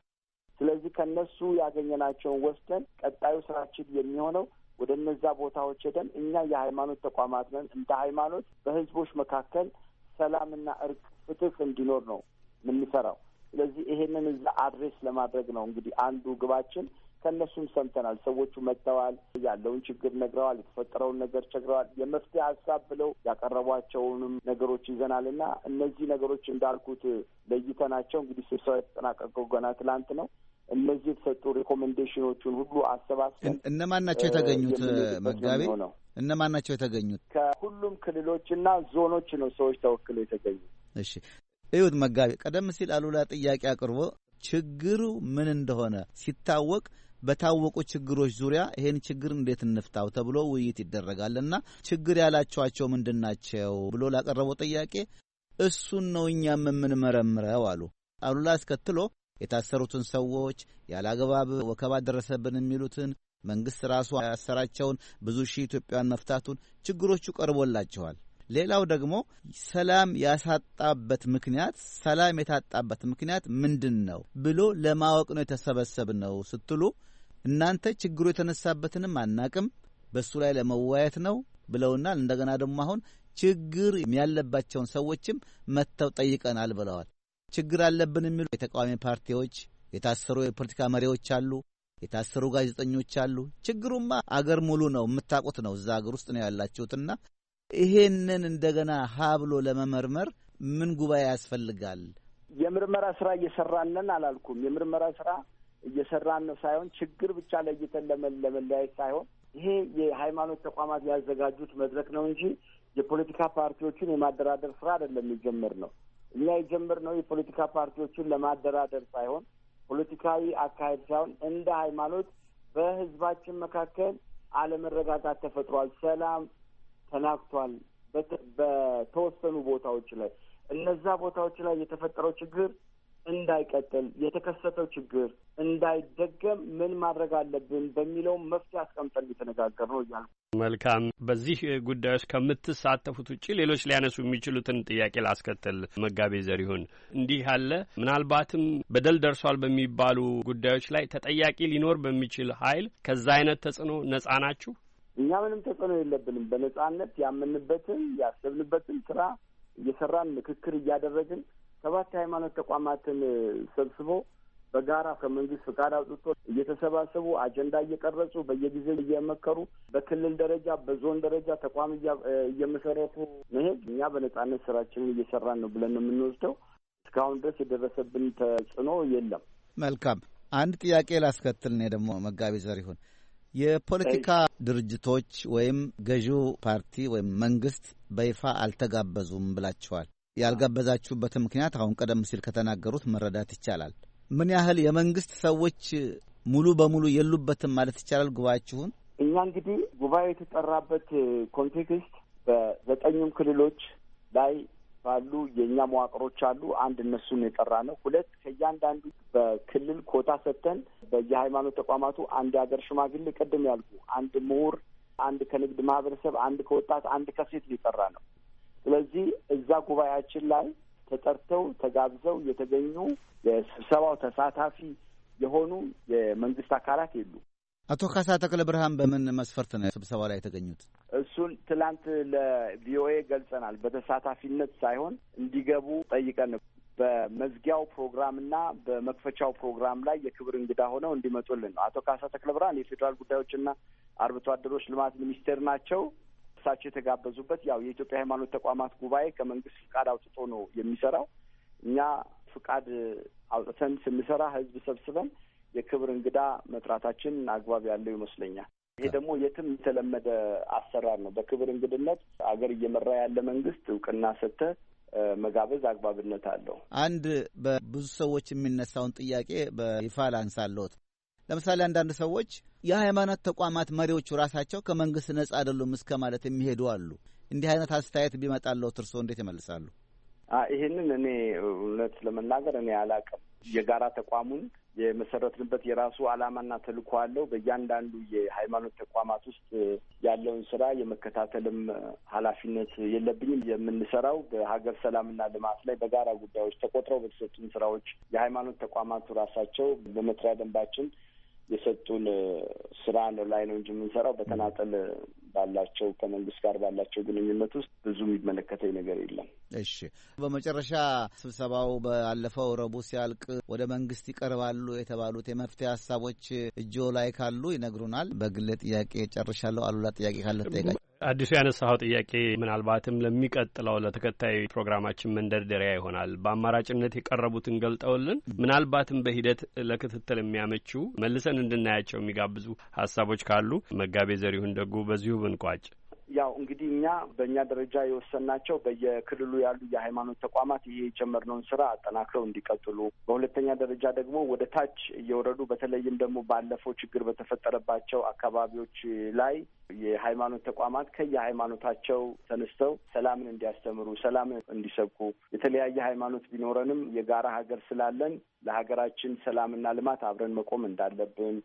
ስለዚህ ከነሱ ያገኘናቸውን ወስደን ቀጣዩ ስራችን የሚሆነው ወደ እነዛ ቦታዎች ሄደን እኛ የሃይማኖት ተቋማት ነን። እንደ ሃይማኖት በህዝቦች መካከል ሰላምና እርቅ፣ ፍትህ እንዲኖር ነው የምንሰራው። ስለዚህ ይሄንን እዛ አድሬስ ለማድረግ ነው እንግዲህ አንዱ ግባችን። ከእነሱም ሰምተናል። ሰዎቹ መጥተዋል፣ ያለውን ችግር ነግረዋል፣ የተፈጠረውን ነገር ቸግረዋል። የመፍትሄ ሀሳብ ብለው ያቀረቧቸውንም ነገሮች ይዘናል እና እነዚህ ነገሮች እንዳልኩት ለይተናቸው እንግዲህ ስብሰባ የተጠናቀቀው ገና ትላንት ነው። እነዚህ የተሰጡ ሪኮሜንዴሽኖቹን ሁሉ አሰባስበን እነማን ናቸው የተገኙት መጋቤ እነማን ናቸው የተገኙት? ከሁሉም ክልሎችና ዞኖች ነው ሰዎች ተወክለው የተገኙት። እሺ እዩት መጋቤ፣ ቀደም ሲል አሉላ ጥያቄ አቅርቦ ችግሩ ምን እንደሆነ ሲታወቅ በታወቁ ችግሮች ዙሪያ ይሄን ችግር እንዴት እንፍታው ተብሎ ውይይት ይደረጋል እና ችግር ያላቸዋቸው ምንድን ናቸው ብሎ ላቀረበው ጥያቄ እሱን ነው እኛም የምንመረምረው አሉ። አሉላ አስከትሎ የታሰሩትን ሰዎች ያለአግባብ ወከባ ደረሰብን የሚሉትን መንግሥት ራሱ ያሰራቸውን ብዙ ሺህ ኢትዮጵያን መፍታቱን ችግሮቹ ቀርቦላቸዋል። ሌላው ደግሞ ሰላም ያሳጣበት ምክንያት ሰላም የታጣበት ምክንያት ምንድን ነው ብሎ ለማወቅ ነው የተሰበሰብ ነው ስትሉ እናንተ ችግሩ የተነሳበትንም አናቅም በእሱ ላይ ለመወያየት ነው ብለውናል። እንደገና ደግሞ አሁን ችግር ያለባቸውን ሰዎችም መጥተው ጠይቀናል ብለዋል። ችግር አለብን የሚሉ የተቃዋሚ ፓርቲዎች የታሰሩ የፖለቲካ መሪዎች አሉ፣ የታሰሩ ጋዜጠኞች አሉ። ችግሩማ አገር ሙሉ ነው፣ የምታውቁት ነው። እዛ አገር ውስጥ ነው ያላችሁትና ይሄንን እንደገና ሀብሎ ለመመርመር ምን ጉባኤ ያስፈልጋል? የምርመራ ስራ እየሰራን አላልኩም። የምርመራ ስራ እየሰራን ነው ሳይሆን ችግር ብቻ ለይተን ለመለያየት ሳይሆን ይሄ የሃይማኖት ተቋማት ያዘጋጁት መድረክ ነው እንጂ የፖለቲካ ፓርቲዎችን የማደራደር ስራ አይደለም የሚጀምር ነው። እኛ ነው የፖለቲካ ፓርቲዎቹን ለማደራደር ሳይሆን ፖለቲካዊ አካሄድ ሳይሆን እንደ ሃይማኖት በህዝባችን መካከል አለመረጋጋት ተፈጥሯል፣ ሰላም ተናግቷል በተወሰኑ ቦታዎች ላይ እነዛ ቦታዎች ላይ የተፈጠረው ችግር እንዳይቀጥል የተከሰተው ችግር እንዳይደገም ምን ማድረግ አለብን በሚለው መፍትሄ አስቀምጠን እየተነጋገር ነው እያሉ መልካም። በዚህ ጉዳይ ውስጥ ከምትሳተፉት ውጭ ሌሎች ሊያነሱ የሚችሉትን ጥያቄ ላስከትል። መጋቤ ዘሪሁን፣ እንዲህ ያለ ምናልባትም በደል ደርሷል በሚባሉ ጉዳዮች ላይ ተጠያቂ ሊኖር በሚችል ኃይል ከዛ አይነት ተጽዕኖ ነጻ ናችሁ? እኛ ምንም ተጽዕኖ የለብንም። በነጻነት ያመንበትን ያሰብንበትን ስራ እየሰራን ምክክር እያደረግን ሰባት የሃይማኖት ተቋማትን ሰብስቦ በጋራ ከመንግስት ፍቃድ አውጥቶ እየተሰባሰቡ አጀንዳ እየቀረጹ በየጊዜው እየመከሩ በክልል ደረጃ በዞን ደረጃ ተቋም እየመሰረቱ መሄድ እኛ በነጻነት ስራችንን እየሰራን ነው ብለን የምንወስደው። እስካሁን ድረስ የደረሰብን ተጽዕኖ የለም። መልካም። አንድ ጥያቄ ላስከትል። እኔ ደግሞ መጋቢ ዘሪሁን የፖለቲካ ድርጅቶች ወይም ገዢው ፓርቲ ወይም መንግስት በይፋ አልተጋበዙም ብላችኋል። ያልጋበዛችሁበት ምክንያት አሁን ቀደም ሲል ከተናገሩት መረዳት ይቻላል። ምን ያህል የመንግስት ሰዎች ሙሉ በሙሉ የሉበትም ማለት ይቻላል ጉባኤያችሁን? እኛ እንግዲህ ጉባኤ የተጠራበት ኮንቴክስት በዘጠኙም ክልሎች ላይ ባሉ የእኛ መዋቅሮች አሉ። አንድ እነሱን የጠራ ነው። ሁለት ከእያንዳንዱ በክልል ኮታ ሰጥተን በየሃይማኖት ተቋማቱ አንድ የሀገር ሽማግሌ ቅድም ያልኩ፣ አንድ ምሁር፣ አንድ ከንግድ ማህበረሰብ፣ አንድ ከወጣት፣ አንድ ከሴት ሊጠራ ነው። ስለዚህ እዛ ጉባኤያችን ላይ ተጠርተው ተጋብዘው የተገኙ የስብሰባው ተሳታፊ የሆኑ የመንግስት አካላት የሉ። አቶ ካሳ ተክለ ብርሃን በምን መስፈርት ነው ስብሰባ ላይ የተገኙት? እሱን ትላንት ለቪኦኤ ገልጸናል። በተሳታፊነት ሳይሆን እንዲገቡ ጠይቀን በመዝጊያው ፕሮግራምና በመክፈቻው ፕሮግራም ላይ የክብር እንግዳ ሆነው እንዲመጡልን ነው። አቶ ካሳ ተክለ ብርሃን የፌዴራል ጉዳዮችና አርብቶ አደሮች ልማት ሚኒስቴር ናቸው። እሳቸው የተጋበዙበት ያው የኢትዮጵያ ሃይማኖት ተቋማት ጉባኤ ከመንግስት ፍቃድ አውጥቶ ነው የሚሰራው። እኛ ፍቃድ አውጥተን ስንሰራ ህዝብ ሰብስበን የክብር እንግዳ መጥራታችን አግባብ ያለው ይመስለኛል። ይሄ ደግሞ የትም የተለመደ አሰራር ነው። በክብር እንግድነት አገር እየመራ ያለ መንግስት እውቅና ሰጥተ መጋበዝ አግባብነት አለው። አንድ በብዙ ሰዎች የሚነሳውን ጥያቄ በይፋ ላንሳለሁት። ለምሳሌ አንዳንድ ሰዎች የሃይማኖት ተቋማት መሪዎቹ ራሳቸው ከመንግስት ነጻ አይደሉም እስከ ማለት የሚሄዱ አሉ። እንዲህ አይነት አስተያየት ቢመጣለው እርስዎ እንዴት ይመልሳሉ? ይህንን እኔ እውነት ለመናገር እኔ አላቀም የጋራ ተቋሙን የመሰረትንበት የራሱ አላማና ተልእኮ አለው። በእያንዳንዱ የሃይማኖት ተቋማት ውስጥ ያለውን ስራ የመከታተልም ኃላፊነት የለብኝም። የምንሰራው በሀገር ሰላምና ልማት ላይ በጋራ ጉዳዮች ተቆጥረው በተሰጡን ስራዎች የሃይማኖት ተቋማቱ ራሳቸው በመትሪያ ደንባችን የሰጡን ስራ ነው ላይ ነው እንጂ የምንሰራው በተናጠል ባላቸው ከመንግስት ጋር ባላቸው ግንኙነት ውስጥ ብዙ የሚመለከተኝ ነገር የለም። እሺ፣ በመጨረሻ ስብሰባው ባለፈው ረቡዕ ሲያልቅ ወደ መንግስት ይቀርባሉ የተባሉት የመፍትሄ ሀሳቦች እጆ ላይ ካሉ ይነግሩናል። በግሌ ጥያቄ ጨርሻለሁ። አሉላ ጥያቄ ካለ ጠይቃ አዲሱ ያነሳኸው ጥያቄ ምናልባትም ለሚቀጥለው ለተከታይ ፕሮግራማችን መንደርደሪያ ይሆናል። በአማራጭነት የቀረቡትን ገልጠውልን ምናልባትም በሂደት ለክትትል የሚያመቹ መልሰን እንድናያቸው የሚጋብዙ ሀሳቦች ካሉ መጋቤ ዘሪሁን ደጉ በዚሁ ብንቋጭ። ያው እንግዲህ እኛ በእኛ ደረጃ የወሰናቸው በየክልሉ ያሉ የሃይማኖት ተቋማት ይሄ የጀመርነውን ስራ አጠናክረው እንዲቀጥሉ፣ በሁለተኛ ደረጃ ደግሞ ወደ ታች እየወረዱ በተለይም ደግሞ ባለፈው ችግር በተፈጠረባቸው አካባቢዎች ላይ የሃይማኖት ተቋማት ከየሃይማኖታቸው ተነስተው ሰላምን እንዲያስተምሩ፣ ሰላምን እንዲሰብኩ የተለያየ ሃይማኖት ቢኖረንም የጋራ ሀገር ስላለን ለሀገራችን ሰላምና ልማት አብረን መቆም እንዳለብን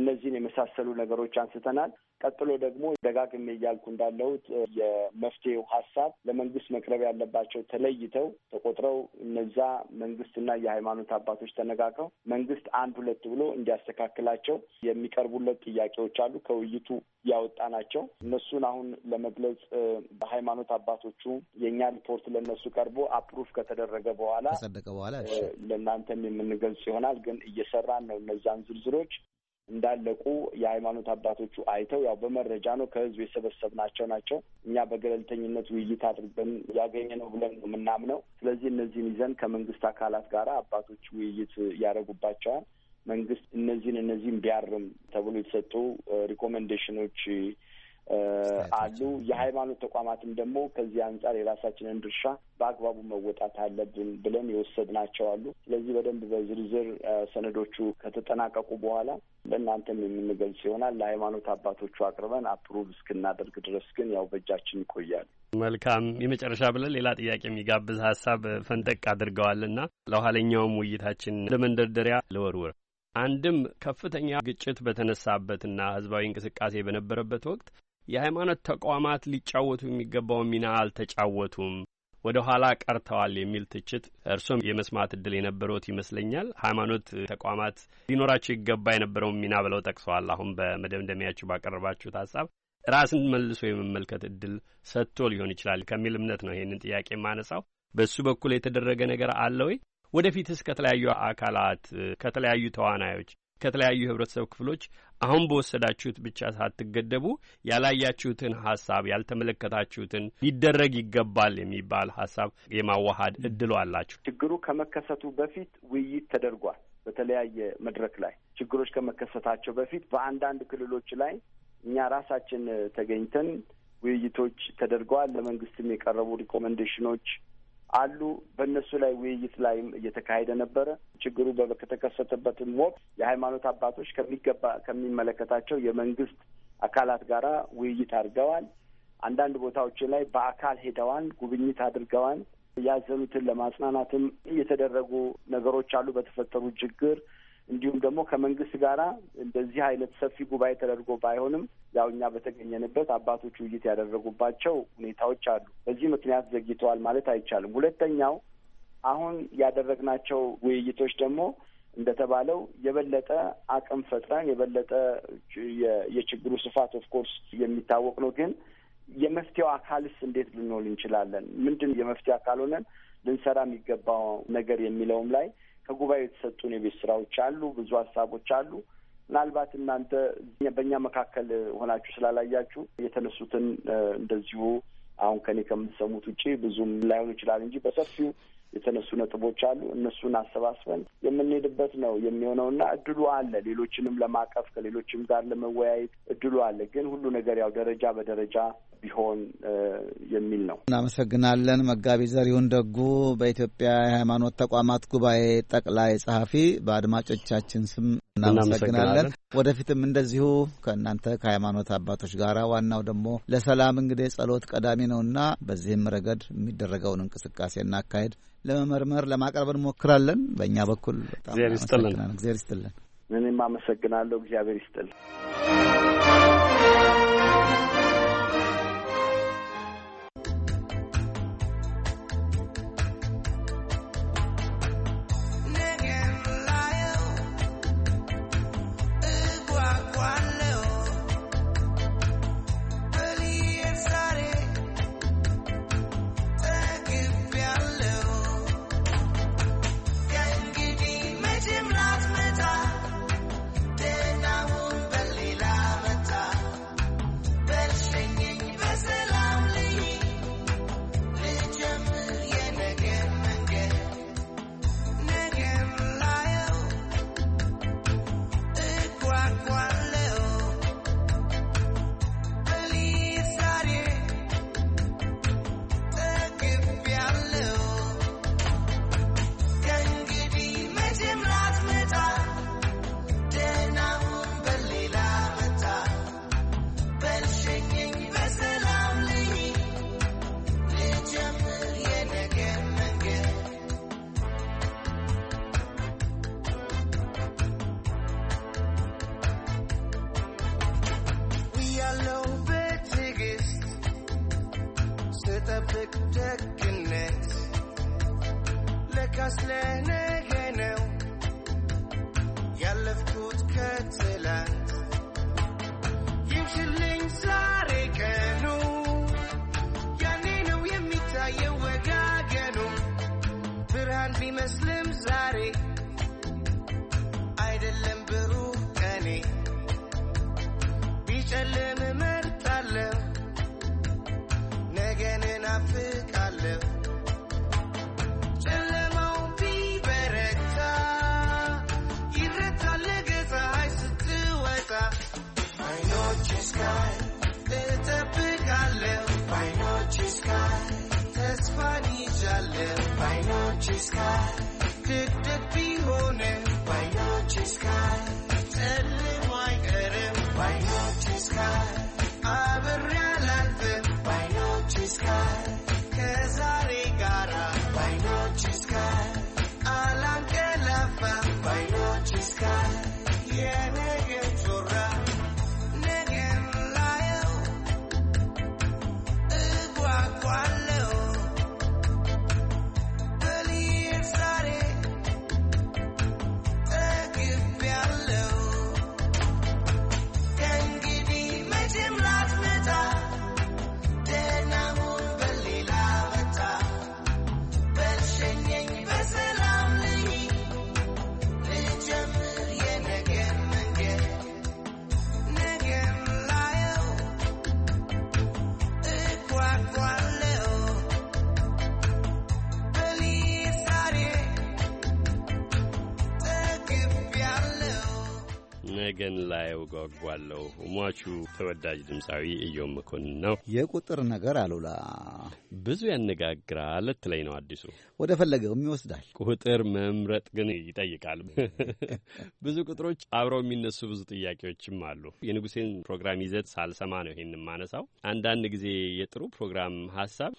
እነዚህን የመሳሰሉ ነገሮች አንስተናል። ቀጥሎ ደግሞ ደጋግሜ እያልኩ እንዳለሁት የመፍትሄው ሀሳብ ለመንግስት መቅረብ ያለባቸው ተለይተው ተቆጥረው እነዛ መንግስትና የሃይማኖት አባቶች ተነጋግረው መንግስት አንድ ሁለት ብሎ እንዲያስተካክላቸው የሚቀርቡለት ጥያቄዎች አሉ። ከውይይቱ ያወጣ ናቸው። እነሱን አሁን ለመግለጽ በሃይማኖት አባቶቹ የእኛ ሪፖርት ለእነሱ ቀርቦ አፕሩፍ ከተደረገ በኋላ ከጸደቀ በኋላ ለእናንተም የምንገልጽ ይሆናል። ግን እየሰራን ነው እነዛን ዝርዝሮች እንዳለቁ የሃይማኖት አባቶቹ አይተው ያው በመረጃ ነው ከህዝብ የሰበሰብናቸው ናቸው። እኛ በገለልተኝነት ውይይት አድርገን ያገኘ ነው ብለን ነው የምናምነው። ስለዚህ እነዚህን ይዘን ከመንግስት አካላት ጋር አባቶች ውይይት ያደረጉባቸዋል። መንግስት እነዚህን እነዚህም ቢያርም ተብሎ የተሰጡ ሪኮሜንዴሽኖች አሉ። የሃይማኖት ተቋማትም ደግሞ ከዚህ አንጻር የራሳችንን ድርሻ በአግባቡ መወጣት አለብን ብለን የወሰድናቸው አሉ። ስለዚህ በደንብ በዝርዝር ሰነዶቹ ከተጠናቀቁ በኋላ ለእናንተም የምንገልጽ ይሆናል። ለሃይማኖት አባቶቹ አቅርበን አፕሩቭ እስክናደርግ ድረስ ግን ያው በእጃችን ይቆያል። መልካም የመጨረሻ ብለን ሌላ ጥያቄ የሚጋብዝ ሀሳብ ፈንጠቅ አድርገዋልና ለኋለኛውም ውይይታችን ለመንደርደሪያ ልወርውር። አንድም ከፍተኛ ግጭት በተነሳበትና ህዝባዊ እንቅስቃሴ በነበረበት ወቅት የሃይማኖት ተቋማት ሊጫወቱ የሚገባው ሚና አልተጫወቱም፣ ወደ ኋላ ቀርተዋል የሚል ትችት እርሶም የመስማት እድል የነበሩት ይመስለኛል። ሃይማኖት ተቋማት ሊኖራቸው ይገባ የነበረውን ሚና ብለው ጠቅሰዋል። አሁን በመደምደሚያችሁ ባቀረባችሁት ሀሳብ ራስን መልሶ የመመልከት እድል ሰጥቶ ሊሆን ይችላል ከሚል እምነት ነው ይህንን ጥያቄ የማነሳው። በእሱ በኩል የተደረገ ነገር አለ ወይ? ወደፊትስ ከተለያዩ አካላት ከተለያዩ ተዋናዮች ከተለያዩ ህብረተሰብ ክፍሎች አሁን በወሰዳችሁት ብቻ ሳትገደቡ ያላያችሁትን ሀሳብ ያልተመለከታችሁትን ሊደረግ ይገባል የሚባል ሀሳብ የማዋሀድ እድሉ አላችሁ። ችግሩ ከመከሰቱ በፊት ውይይት ተደርጓል። በተለያየ መድረክ ላይ ችግሮች ከመከሰታቸው በፊት በአንዳንድ ክልሎች ላይ እኛ ራሳችን ተገኝተን ውይይቶች ተደርገዋል። ለመንግስትም የቀረቡ ሪኮመንዴሽኖች። አሉ። በእነሱ ላይ ውይይት ላይም እየተካሄደ ነበረ። ችግሩ ከተከሰተበትም ወቅት የሃይማኖት አባቶች ከሚገባ ከሚመለከታቸው የመንግስት አካላት ጋር ውይይት አድርገዋል። አንዳንድ ቦታዎች ላይ በአካል ሄደዋል፣ ጉብኝት አድርገዋል። ያዘኑትን ለማጽናናትም እየተደረጉ ነገሮች አሉ። በተፈጠሩ ችግር እንዲሁም ደግሞ ከመንግስት ጋራ እንደዚህ አይነት ሰፊ ጉባኤ ተደርጎ ባይሆንም ያው እኛ በተገኘንበት አባቶች ውይይት ያደረጉባቸው ሁኔታዎች አሉ። በዚህ ምክንያት ዘግይተዋል ማለት አይቻልም። ሁለተኛው አሁን ያደረግናቸው ውይይቶች ደግሞ እንደተባለው የበለጠ አቅም ፈጥረን የበለጠ የችግሩ ስፋት ኦፍኮርስ የሚታወቅ ነው። ግን የመፍትሄው አካልስ እንዴት ልንሆን እንችላለን? ምንድን የመፍትሄ አካል ሆነን ልንሰራ የሚገባው ነገር የሚለውም ላይ ከጉባኤው የተሰጡን የቤት ስራዎች አሉ፣ ብዙ ሀሳቦች አሉ። ምናልባት እናንተ በእኛ መካከል ሆናችሁ ስላላያችሁ የተነሱትን እንደዚሁ አሁን ከኔ ከምትሰሙት ውጪ ብዙም ላይሆን ይችላል እንጂ በሰፊው የተነሱ ነጥቦች አሉ። እነሱን አሰባስበን የምንሄድበት ነው የሚሆነው እና እድሉ አለ። ሌሎችንም ለማቀፍ ከሌሎችም ጋር ለመወያየት እድሉ አለ። ግን ሁሉ ነገር ያው ደረጃ በደረጃ ቢሆን የሚል ነው። እናመሰግናለን። መጋቢ ዘሪሁን ደጉ በኢትዮጵያ የሃይማኖት ተቋማት ጉባኤ ጠቅላይ ጸሐፊ፣ በአድማጮቻችን ስም እናመሰግናለን። ወደፊትም እንደዚሁ ከእናንተ ከሃይማኖት አባቶች ጋር ዋናው ደግሞ ለሰላም እንግዲህ ጸሎት ቀዳሚ ነውና በዚህም ረገድ የሚደረገውን እንቅስቃሴ እናካሄድ ለመመርመር ለማቅረብ እንሞክራለን። በእኛ በኩል እግዚአብሔር ይስጥልን። እኔም አመሰግናለሁ። እግዚአብሔር ይስጥልን። ግን ላይ ጓጓለሁ። ሟቹ ተወዳጅ ድምፃዊ እዮም መኮንን ነው። የቁጥር ነገር አሉላ ብዙ ያነጋግራል ትለኝ ነው አዲሱ። ወደ ፈለገውም ይወስዳል። ቁጥር መምረጥ ግን ይጠይቃል። [LAUGHS] ብዙ ቁጥሮች አብረው የሚነሱ ብዙ ጥያቄዎችም አሉ። የንጉሴን ፕሮግራም ይዘት ሳልሰማ ነው ይሄን የማነሳው። አንዳንድ ጊዜ የጥሩ ፕሮግራም ሀሳብ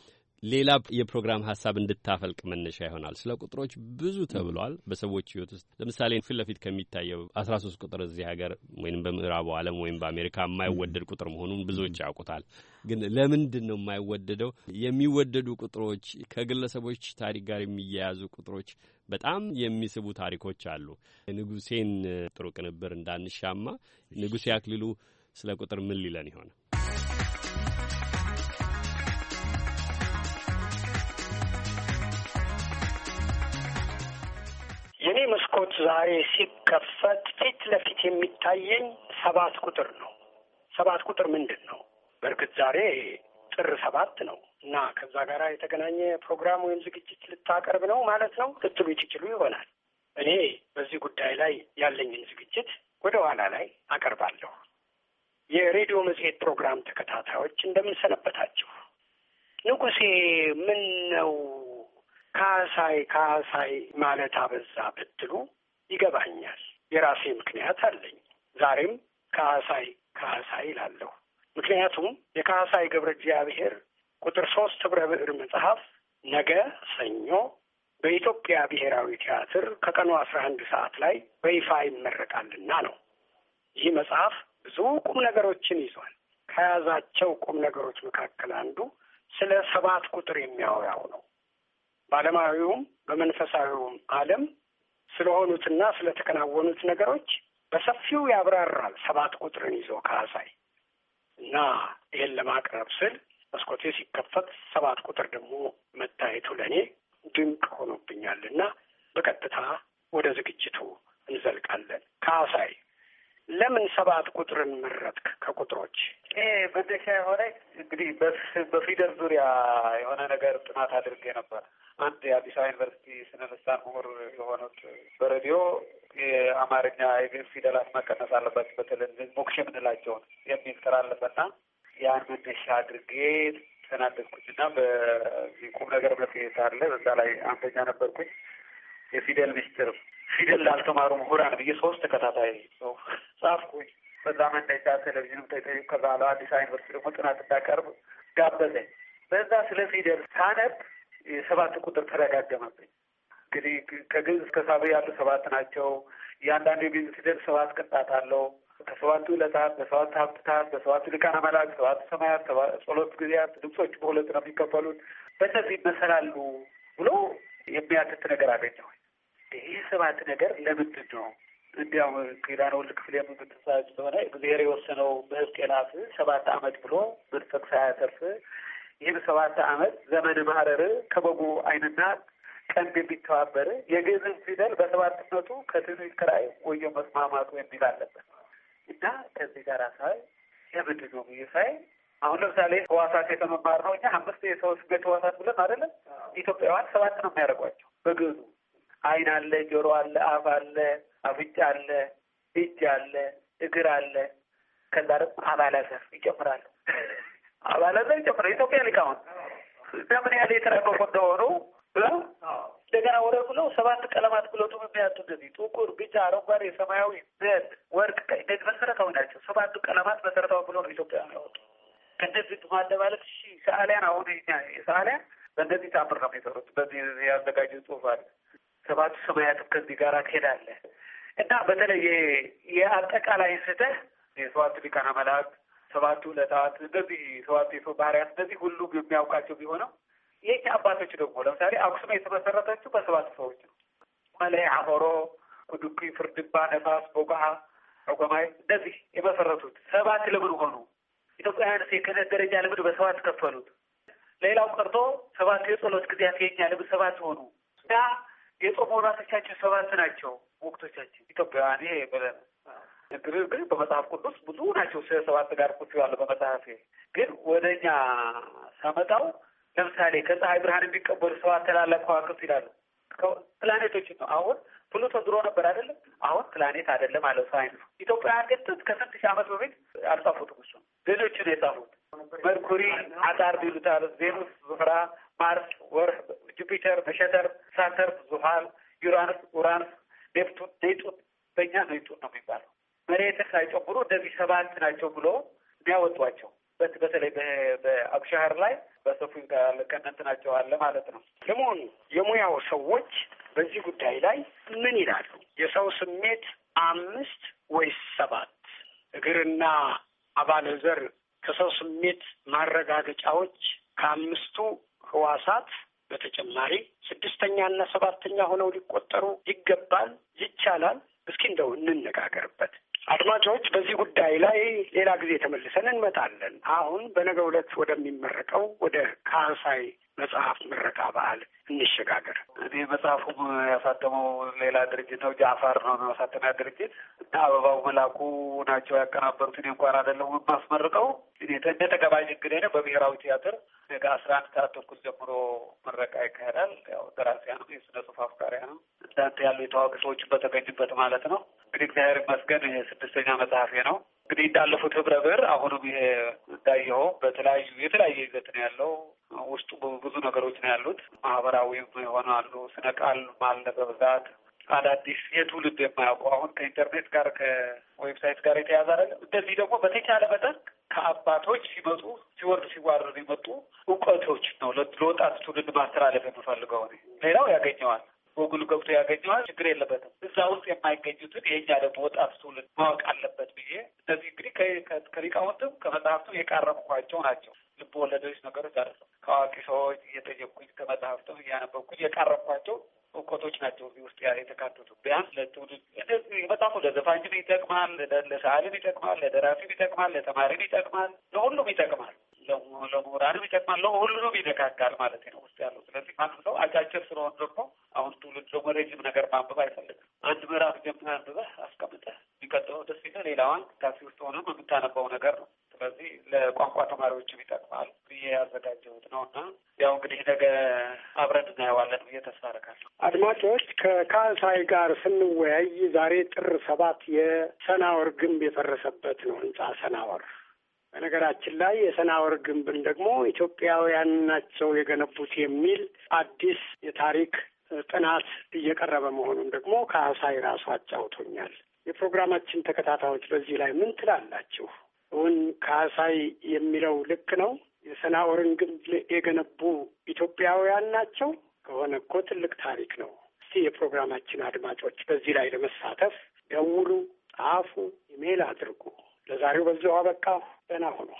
ሌላ የፕሮግራም ሀሳብ እንድታፈልቅ መነሻ ይሆናል። ስለ ቁጥሮች ብዙ ተብሏል በሰዎች ህይወት ውስጥ ለምሳሌ ፊት ለፊት ከሚታየው አስራ ሶስት ቁጥር እዚህ ሀገር ወይም በምዕራቡ ዓለም ወይም በአሜሪካ የማይወደድ ቁጥር መሆኑን ብዙዎች ያውቁታል። ግን ለምንድን ነው የማይወደደው? የሚወደዱ ቁጥሮች ከግለሰቦች ታሪክ ጋር የሚያያዙ ቁጥሮች በጣም የሚስቡ ታሪኮች አሉ። ንጉሴን ጥሩ ቅንብር እንዳንሻማ፣ ንጉሴ አክሊሉ ስለ ቁጥር ምን ሊለን ይሆናል? መስኮት ዛሬ ሲከፈት ፊት ለፊት የሚታየኝ ሰባት ቁጥር ነው። ሰባት ቁጥር ምንድን ነው? በእርግጥ ዛሬ ጥር ሰባት ነው እና ከዛ ጋር የተገናኘ ፕሮግራም ወይም ዝግጅት ልታቀርብ ነው ማለት ነው ልትሉ ትችሉ ይሆናል። እኔ በዚህ ጉዳይ ላይ ያለኝን ዝግጅት ወደ ኋላ ላይ አቀርባለሁ። የሬዲዮ መጽሔት ፕሮግራም ተከታታዮች እንደምንሰነበታችሁ። ንጉሴ ምን ነው ካሳይ ካሳይ ማለት አበዛ ብትሉ ይገባኛል። የራሴ ምክንያት አለኝ። ዛሬም ካሳይ ካሳይ ይላለሁ። ምክንያቱም የካሳይ ገብረ እግዚአብሔር ቁጥር ሶስት ህብረ ብዕር መጽሐፍ ነገ ሰኞ በኢትዮጵያ ብሔራዊ ቲያትር ከቀኑ አስራ አንድ ሰዓት ላይ በይፋ ይመረቃልና ነው። ይህ መጽሐፍ ብዙ ቁም ነገሮችን ይዟል። ከያዛቸው ቁም ነገሮች መካከል አንዱ ስለ ሰባት ቁጥር የሚያወራው ነው። በዓለማዊውም በመንፈሳዊውም ዓለም ስለሆኑትና ስለተከናወኑት ነገሮች በሰፊው ያብራራል። ሰባት ቁጥርን ይዞ ካሳይ እና ይህን ለማቅረብ ስል መስኮቴ ሲከፈት ሰባት ቁጥር ደግሞ መታየቱ ለእኔ ድንቅ ሆኖብኛል እና በቀጥታ ወደ ዝግጅቱ እንዘልቃለን። ካሳይ ለምን ሰባት ቁጥርን መረጥክ ከቁጥሮች? ይሄ መነሻ የሆነ እንግዲህ በፊደል ዙሪያ የሆነ ነገር ጥናት አድርጌ ነበር። አንድ የአዲስ አበባ ዩኒቨርሲቲ ስነ ልሳን ምሁር የሆኑት በሬዲዮ የአማርኛ የግዕዝ ፊደላት መቀነስ አለባቸው በተለይ ሞክሽ የምንላቸውን የሚል ስራ አለበትና ያን መነሻ አድርጌ ተናደድኩኝ እና በዚህ ቁም ነገር መጽሔት አለ በዛ ላይ አንደኛ ነበርኩኝ። የፊደል ሚኒስትር ፊደል ላልተማሩ ምሁራን ብዬ ሶስት ተከታታይ ጽሁፍ ጻፍኩኝ። በዛ መነሻ ቴሌቪዥንም ተጠዩ። ከዛ ለ አዲስ አበባ ዩኒቨርሲቲ ደግሞ ጥናት እንዳቀርብ ጋበዘኝ። በዛ ስለ ፊደል ሳነብ የሰባት ቁጥር ተደጋገመብኝ። እንግዲህ ከግዕዝ እስከ ሳብዕ ያሉ ሰባት ናቸው። እያንዳንዱ የግዕዝ ፊደል ሰባት ቅጣት አለው። ከሰባቱ ዕለታት፣ በሰባት ሀብትታት፣ በሰባቱ ሊቃነ መላእክት፣ ሰባቱ ሰማያት፣ ጸሎት ጊዜያት፣ ድምፆች በሁለት ነው የሚከፈሉት። በእነዚህ ይመሰላሉ ብሎ የሚያትት ነገር አገኘሁ። ይህ ስብዓት ነገር ለምንድን ነው? እንዲያው ኪዳነ ወልድ ክፍል የምትሳጅ ስለሆነ እግዚአብሔር የወሰነው በሕዝቅኤል ሰባት አመት ብሎ ምንጥቅ ሳያተርፍ ይህም ሰባት አመት ዘመን ማረር ከበጉ አይንና ቀንድ የሚተባበር የግዕዝን ፊደል በሰባትነቱ ከትንሽ ክራይ ወየው መስማማቱ የሚል አለበት እና ከዚህ ጋር ሳይ የምንድን ነው ብዬ ሳይ አሁን ለምሳሌ ህዋሳት የተመማር ነው እኛ አምስት የሰው ቤት ህዋሳት ብለን አይደለም ኢትዮጵያውያን ሰባት ነው የሚያደርጓቸው በግዕዙ አይን አለ፣ ጆሮ አለ፣ አፍ አለ፣ አፍንጫ አለ፣ እጅ አለ፣ እግር አለ። ከዛ ደግሞ አባላዘር ይጨምራሉ። [LAUGHS] አባላዘር ይጨምራል። ኢትዮጵያ ሊቃውን ለምን ያለ የተራቀቁ እንደሆኑ ብለው እንደገና ወደ ብለው ሰባት ቀለማት ብሎ ጡም የሚያጡ እንደዚህ ጥቁር፣ ቢጫ፣ አረንጓዴ፣ ሰማያዊ፣ ነጭ፣ ወርቅ፣ እንደዚህ መሰረታዊ ናቸው። ሰባቱ ቀለማት መሰረታዊ ብሎ ነው ኢትዮጵያ ያወጡ። ከእነዚህ ድማለ ማለት እሺ ሰዓሊያን አሁን ሰዓሊያን በእንደዚህ ታምር ነው የሚሰሩት። በዚህ ያዘጋጁ ጽሁፍ አለ ሰባት ሰማያትም ከዚህ ጋር ትሄዳለህ እና በተለይ የአጠቃላይ ስተህ የሰባት ሊቃነ መላእክት ሰባቱ ዕለታት እንደዚህ ሰባቱ የሰው ባህርያት እንደዚህ ሁሉ የሚያውቃቸው ቢሆነው ይህ አባቶች ደግሞ ለምሳሌ አክሱም የተመሰረተችው በሰባት ሰዎች ነው። መላይ አሆሮ፣ ኩዱኩ፣ ፍርድባ፣ ነፋስ፣ ቦጓሃ፣ ዕቆማይ እንደዚህ የመሰረቱት ሰባት ለምን ሆኑ? ኢትዮጵያውያንስ የክህነት ደረጃ ለምን በሰባት ከፈሉት? ሌላው ቀርቶ ሰባት የጸሎት ጊዜያት የኛ ለምን ሰባት ሆኑ? እና የጾም ወራቶቻችን ሰባት ናቸው። ወቅቶቻችን ኢትዮጵያውያን ይሄ ብለን ግን ግን በመጽሐፍ ቅዱስ ብዙ ናቸው። ስለ ሰባት ጋር ቁጭ ያለ በመጽሐፍ ግን ወደ እኛ ሰመጣው ለምሳሌ ከፀሐይ ብርሃን የሚቀበሉ ሰባት ታላላቅ ከዋክብት ይላሉ። ፕላኔቶችን ነው። አሁን ፕሉቶ ድሮ ነበር አይደለም፣ አሁን ፕላኔት አይደለም አለው ነው። ኢትዮጵያውያን ግን ከስንት ሺህ ዓመት በፊት አልጻፉትም። እሱ ሌሎች ነው የጻፉት። መርኩሪ አጣር ቢሉታል፣ ቬኑስ፣ ዙራ ማርስ፣ ወርህ፣ ጁፒተር፣ በሸተር፣ ሳተርን፣ ዙሃል፣ ዩራንስ፣ ኡራንስ፣ ኔፕቱን፣ ዘይጡን በእኛ ዘይጡን ነው የሚባለው መሬትን ሳይጨምሩ እንደዚህ ሰባት ናቸው ብሎ የሚያወጧቸው በተለይ በአብሻህር ላይ በሰፊ ቀነት ናቸው አለ ማለት ነው። ለመሆኑ የሙያው ሰዎች በዚህ ጉዳይ ላይ ምን ይላሉ? የሰው ስሜት አምስት ወይስ ሰባት? እግርና አባለ ዘር ከሰው ስሜት ማረጋገጫዎች ከአምስቱ ህዋሳት በተጨማሪ ስድስተኛና ሰባተኛ ሆነው ሊቆጠሩ ይገባል፣ ይቻላል። እስኪ እንደው እንነጋገርበት። አድማጮች በዚህ ጉዳይ ላይ ሌላ ጊዜ ተመልሰን እንመጣለን። አሁን በነገ ዕለት ወደሚመረቀው ወደ ካህሳይ መጽሐፍ ምረቃ በዓል እንሸጋገር። እኔ መጽሐፉ ያሳተመው ሌላ ድርጅት ነው፣ ጃፋር ነው ማሳተሚያ ድርጅት እና አበባው መላኩ ናቸው ያቀናበሩት። እኔ እንኳን አይደለሁም የማስመርቀው። እንደ ተቀባይ እንግዲህ ነው። በብሔራዊ ቲያትር ነገ አስራ አንድ ሰዓት ተኩል ጀምሮ ምረቃ ይካሄዳል። ያው ደራሲያ ነው፣ የስነ ጽሁፍ አፍቃሪያ ነው፣ እንዳንተ ያሉ የታዋቂ ሰዎች በተገኙበት ማለት ነው። እንግዲህ እግዚአብሔር ይመስገን ስድስተኛ መጽሐፌ ነው። እንግዲህ እንዳለፉት ህብረ ብር አሁንም ይሄ እንዳየኸው በተለያዩ የተለያየ ይዘት ነው ያለው ውስጡ ብዙ ነገሮች ነው ያሉት። ማህበራዊም የሆነ አሉ፣ ስነ ቃል ማለ በብዛት አዳዲስ የትውልድ የማያውቀው አሁን ከኢንተርኔት ጋር ከዌብሳይት ጋር የተያዘ አለ። እንደዚህ ደግሞ በተቻለ መጠን ከአባቶች ሲመጡ ሲወርድ ሲዋረዱ የመጡ እውቀቶች ነው ለወጣት ትውልድ ማስተላለፍ የምፈልገው እኔ። ሌላው ያገኘዋል፣ ጎግል ገብቶ ያገኘዋል፣ ችግር የለበትም። እዛ ውስጥ የማይገኙትን የኛ ደግሞ ወጣት ትውልድ ማወቅ አለበት ብዬ እነዚህ እንግዲህ ከሊቃውንትም ከመጽሐፍቱ የቃረምኳቸው ናቸው። ልብ ወለዶች ነገሮች አለ ከአዋቂ ሰዎች እየጠየቅኩኝ ከመጽሐፍትም እያነበብኩኝ የቃረምኳቸው እውቀቶች ናቸው እዚህ ውስጥ የተካተቱ። ቢያንስ ለትውልድ በጣም ለዘፋኝም ይጠቅማል፣ ለሰዓሊም ይጠቅማል፣ ለደራሲም ይጠቅማል፣ ለተማሪም ይጠቅማል፣ ለሁሉም ይጠቅማል፣ ለምሁራንም ይጠቅማል፣ ለሁሉም ይነካካል ማለት ነው ውስጥ ያለው። ስለዚህ ማንም ሰው አጫጭር ስለሆን ደግሞ አሁን ትውልድ ደግሞ ረጅም ነገር ማንበብ አይፈልግም። አንድ ምዕራፍ ጀምረህ አንብበህ አስቀምጠህ የሚቀጥለው ደስ ይለህ ሌላዋን ታሲ ውስጥ ሆነም የምታነባው ነገር ነው። ስለዚህ ለቋንቋ ተማሪዎችም ይጠቅማል ብዬ ያዘጋጀሁት ነው እና ያው እንግዲህ ነገ አብረን እናየዋለን ብዬ ተስፋ አደርጋለሁ። አድማጮች ከካልሳይ ጋር ስንወያይ ዛሬ ጥር ሰባት የሰናወር ግንብ የፈረሰበት ነው ህንፃ ሰናወር። በነገራችን ላይ የሰናወር ግንብን ደግሞ ኢትዮጵያውያን ናቸው የገነቡት የሚል አዲስ የታሪክ ጥናት እየቀረበ መሆኑን ደግሞ ካሳይ ራሱ አጫውቶኛል። የፕሮግራማችን ተከታታዮች በዚህ ላይ ምን ትላላችሁ? እውን ካሳይ የሚለው ልክ ነው? የሰናዖርን ግንብ የገነቡ ኢትዮጵያውያን ናቸው ከሆነ እኮ ትልቅ ታሪክ ነው። እስቲ የፕሮግራማችን አድማጮች በዚህ ላይ ለመሳተፍ ደውሉ፣ ጻፉ፣ ኢሜይል አድርጉ። ለዛሬው በዚሁ አበቃ። ደህና ሁኑ።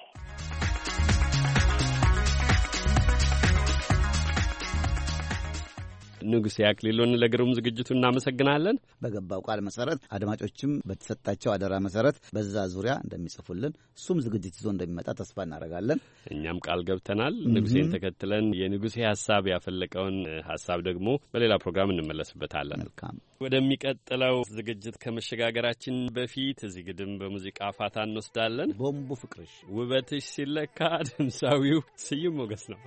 ንጉሴ አክሊሎን ለግሩም ዝግጅቱ እናመሰግናለን። በገባው ቃል መሰረት አድማጮችም በተሰጣቸው አደራ መሰረት በዛ ዙሪያ እንደሚጽፉልን እሱም ዝግጅት ይዞ እንደሚመጣ ተስፋ እናደርጋለን። እኛም ቃል ገብተናል። ንጉሴን ተከትለን የንጉሴ ሀሳብ ያፈለቀውን ሀሳብ ደግሞ በሌላ ፕሮግራም እንመለስበታለን። መልካም ወደሚቀጥለው ዝግጅት ከመሸጋገራችን በፊት እዚህ ግድም በሙዚቃ ፋታ እንወስዳለን። ቦምቡ ፍቅርሽ ውበትሽ ሲለካ ድምፃዊው ስዩም ሞገስ ነው።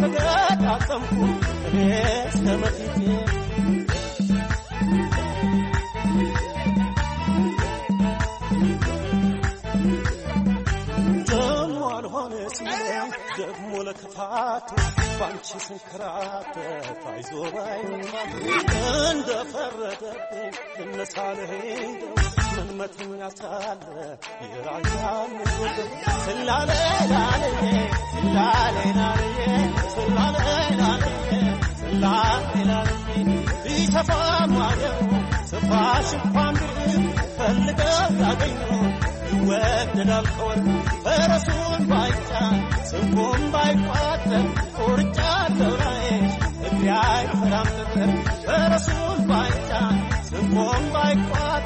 ተገጣጠምኩ እኔ አልሆነ ደግሞ ባንቺ ስንከራተት አይዞባይ እንደፈረደብኝ እነሳልህ እንደው ምን ያሳለ የራያን ወደ ስላለ ላለዬ ስላለ ላለዬ ስላለ ላለዬ ስላለ ላለዬ ቢሰፋ ማየው ስፋሽ እንኳን ቢል ፈልገው ያገኘው ይወደዳል ከወዱ ፈረሱን ባይጫን ስንጎም ባይቋጠር ቁርጫ ተውራዬ እግሪያይ ፈራምትትር በረሱል ባይጫ ስንጎም ባይቋጠር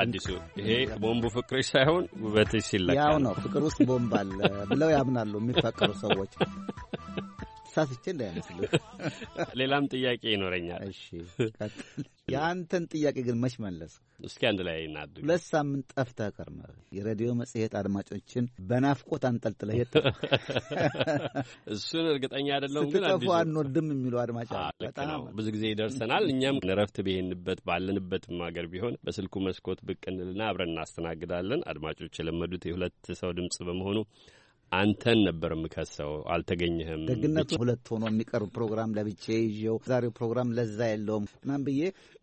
አዲሱ ይሄ ቦምቡ ፍቅርሽ ሳይሆን ውበትሽ ሲለካ ያው ነው። ፍቅር ውስጥ ቦምብ አለ ብለው ያምናሉ የሚፈቀሩ ሰዎች። አሳስቼ እንዳይመስልህ [LAUGHS] ሌላም ጥያቄ ይኖረኛል። እሺ የአንተን ጥያቄ ግን መች መለስ። እስኪ አንድ ላይ እናድ። ሁለት ሳምንት ጠፍተህ ቀርመህ የሬዲዮ መጽሔት አድማጮችን በናፍቆት አንጠልጥለህ የት [LAUGHS] እሱን እርግጠኛ አይደለሁም፣ ግን ጠፉ አንወድም የሚሉ አድማጭ በጣም ብዙ ጊዜ ይደርሰናል። እኛም እረፍት ብሄንበት ባለንበትም ሀገር ቢሆን በስልኩ መስኮት ብቅ እንልና አብረን እናስተናግዳለን። አድማጮች የለመዱት የሁለት ሰው ድምጽ በመሆኑ አንተን ነበር የምከሰው፣ አልተገኘህም። ደግነቱ ሁለት ሆኖ የሚቀርብ ፕሮግራም ለብቼ ይዤው ዛሬው ፕሮግራም ለዛ የለውም ምናምን ብዬ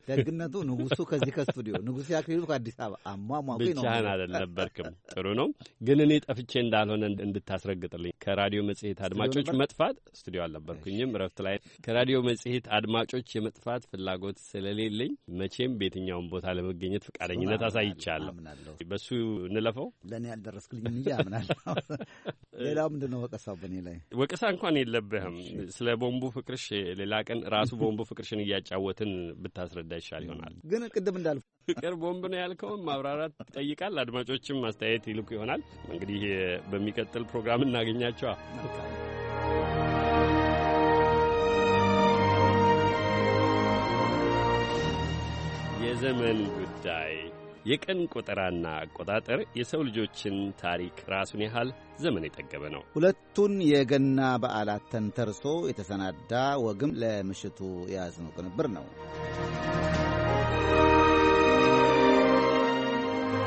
ደግነቱ ንጉሱ ከዚህ ከስቱዲዮ ንጉሱ ያክሊሉ ከአዲስ አበባ አሟሟ ብቻህን አልነበርክም። ጥሩ ነው ግን እኔ ጠፍቼ እንዳልሆነ እንድታስረግጥልኝ ከራዲዮ መጽሔት አድማጮች መጥፋት ስቱዲዮ አልነበርኩኝም፣ እረፍት ላይ ከራዲዮ መጽሔት አድማጮች የመጥፋት ፍላጎት ስለሌለኝ መቼም በየትኛውን ቦታ ለመገኘት ፈቃደኝነት አሳይቻለሁ። በሱ እንለፈው። ለእኔ ያልደረስክልኝ ምን አምናለሁ። ሌላው ምንድን ነው ወቀሳው በእኔ ላይ ወቀሳ እንኳን የለብህም። ስለ ቦምቡ ፍቅርሽ ሌላ ቀን ራሱ ቦምቡ ፍቅርሽን እያጫወትን ብታስረዳ ሊረዳ ይሻል ይሆናል። ግን ቅድም እንዳልኩ ፍቅር ቦምብ ነው ያልከውን ማብራራት ይጠይቃል። አድማጮችም አስተያየት ይልኩ ይሆናል። እንግዲህ በሚቀጥል ፕሮግራም እናገኛቸዋ። የዘመን ጉዳይ የቀን ቆጠራና አቆጣጠር የሰው ልጆችን ታሪክ ራሱን ያህል ዘመን የጠገበ ነው። ሁለቱን የገና በዓላት ተንተርሶ የተሰናዳ ወግም ለምሽቱ የያዝነው ቅንብር ነው።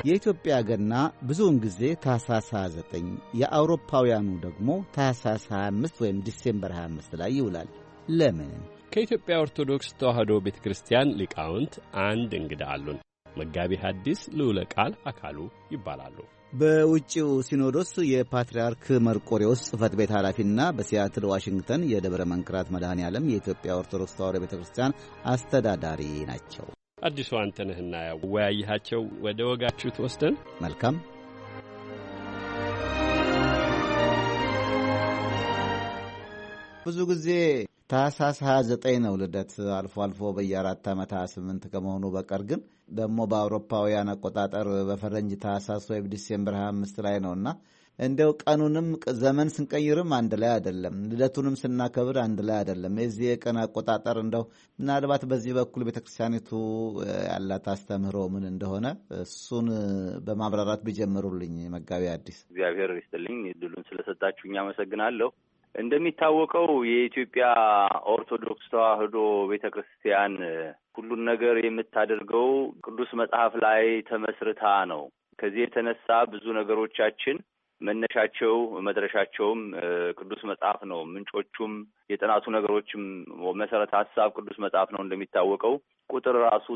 የኢትዮጵያ ገና ብዙውን ጊዜ ታህሳስ 29 የአውሮፓውያኑ ደግሞ ታህሳስ 25 ወይም ዲሴምበር 25 ላይ ይውላል። ለምን? ከኢትዮጵያ ኦርቶዶክስ ተዋሕዶ ቤተ ክርስቲያን ሊቃውንት አንድ እንግዳ አሉን። መጋቢ ሐዲስ ልዑለ ቃል አካሉ ይባላሉ። በውጭው ሲኖዶስ የፓትርያርክ መርቆሬዎስ ጽህፈት ቤት ኃላፊና በሲያትል ዋሽንግተን የደብረ መንክራት መድኃኔ ዓለም የኢትዮጵያ ኦርቶዶክስ ተዋሕዶ ቤተ ክርስቲያን አስተዳዳሪ ናቸው። አዲሱ አንተነህና ያወያይሃቸው ወደ ወጋችሁ ትወስደን። መልካም ብዙ ጊዜ ታህሳስ 29 ነው ልደት፣ አልፎ አልፎ በየአራት ዓመት 28 ከመሆኑ በቀር ግን ደግሞ በአውሮፓውያን አቆጣጠር በፈረንጅ ታህሳስ ወይም ዲሴምበር 25 ላይ ነው እና እንዲያው ቀኑንም ዘመን ስንቀይርም አንድ ላይ አይደለም፣ ልደቱንም ስናከብር አንድ ላይ አይደለም። የዚህ የቀን አቆጣጠር እንደው ምናልባት በዚህ በኩል ቤተክርስቲያኒቱ ያላት አስተምህሮ ምን እንደሆነ እሱን በማብራራት ቢጀምሩልኝ መጋቢ አዲስ። እግዚአብሔር ይስጥልኝ እድሉን ስለሰጣችሁኝ አመሰግናለሁ። እንደሚታወቀው የኢትዮጵያ ኦርቶዶክስ ተዋሕዶ ቤተ ክርስቲያን ሁሉን ነገር የምታደርገው ቅዱስ መጽሐፍ ላይ ተመስርታ ነው። ከዚህ የተነሳ ብዙ ነገሮቻችን መነሻቸው መድረሻቸውም ቅዱስ መጽሐፍ ነው። ምንጮቹም የጥናቱ ነገሮችም መሰረተ ሀሳብ ቅዱስ መጽሐፍ ነው እንደሚታወቀው ቁጥር ራሱ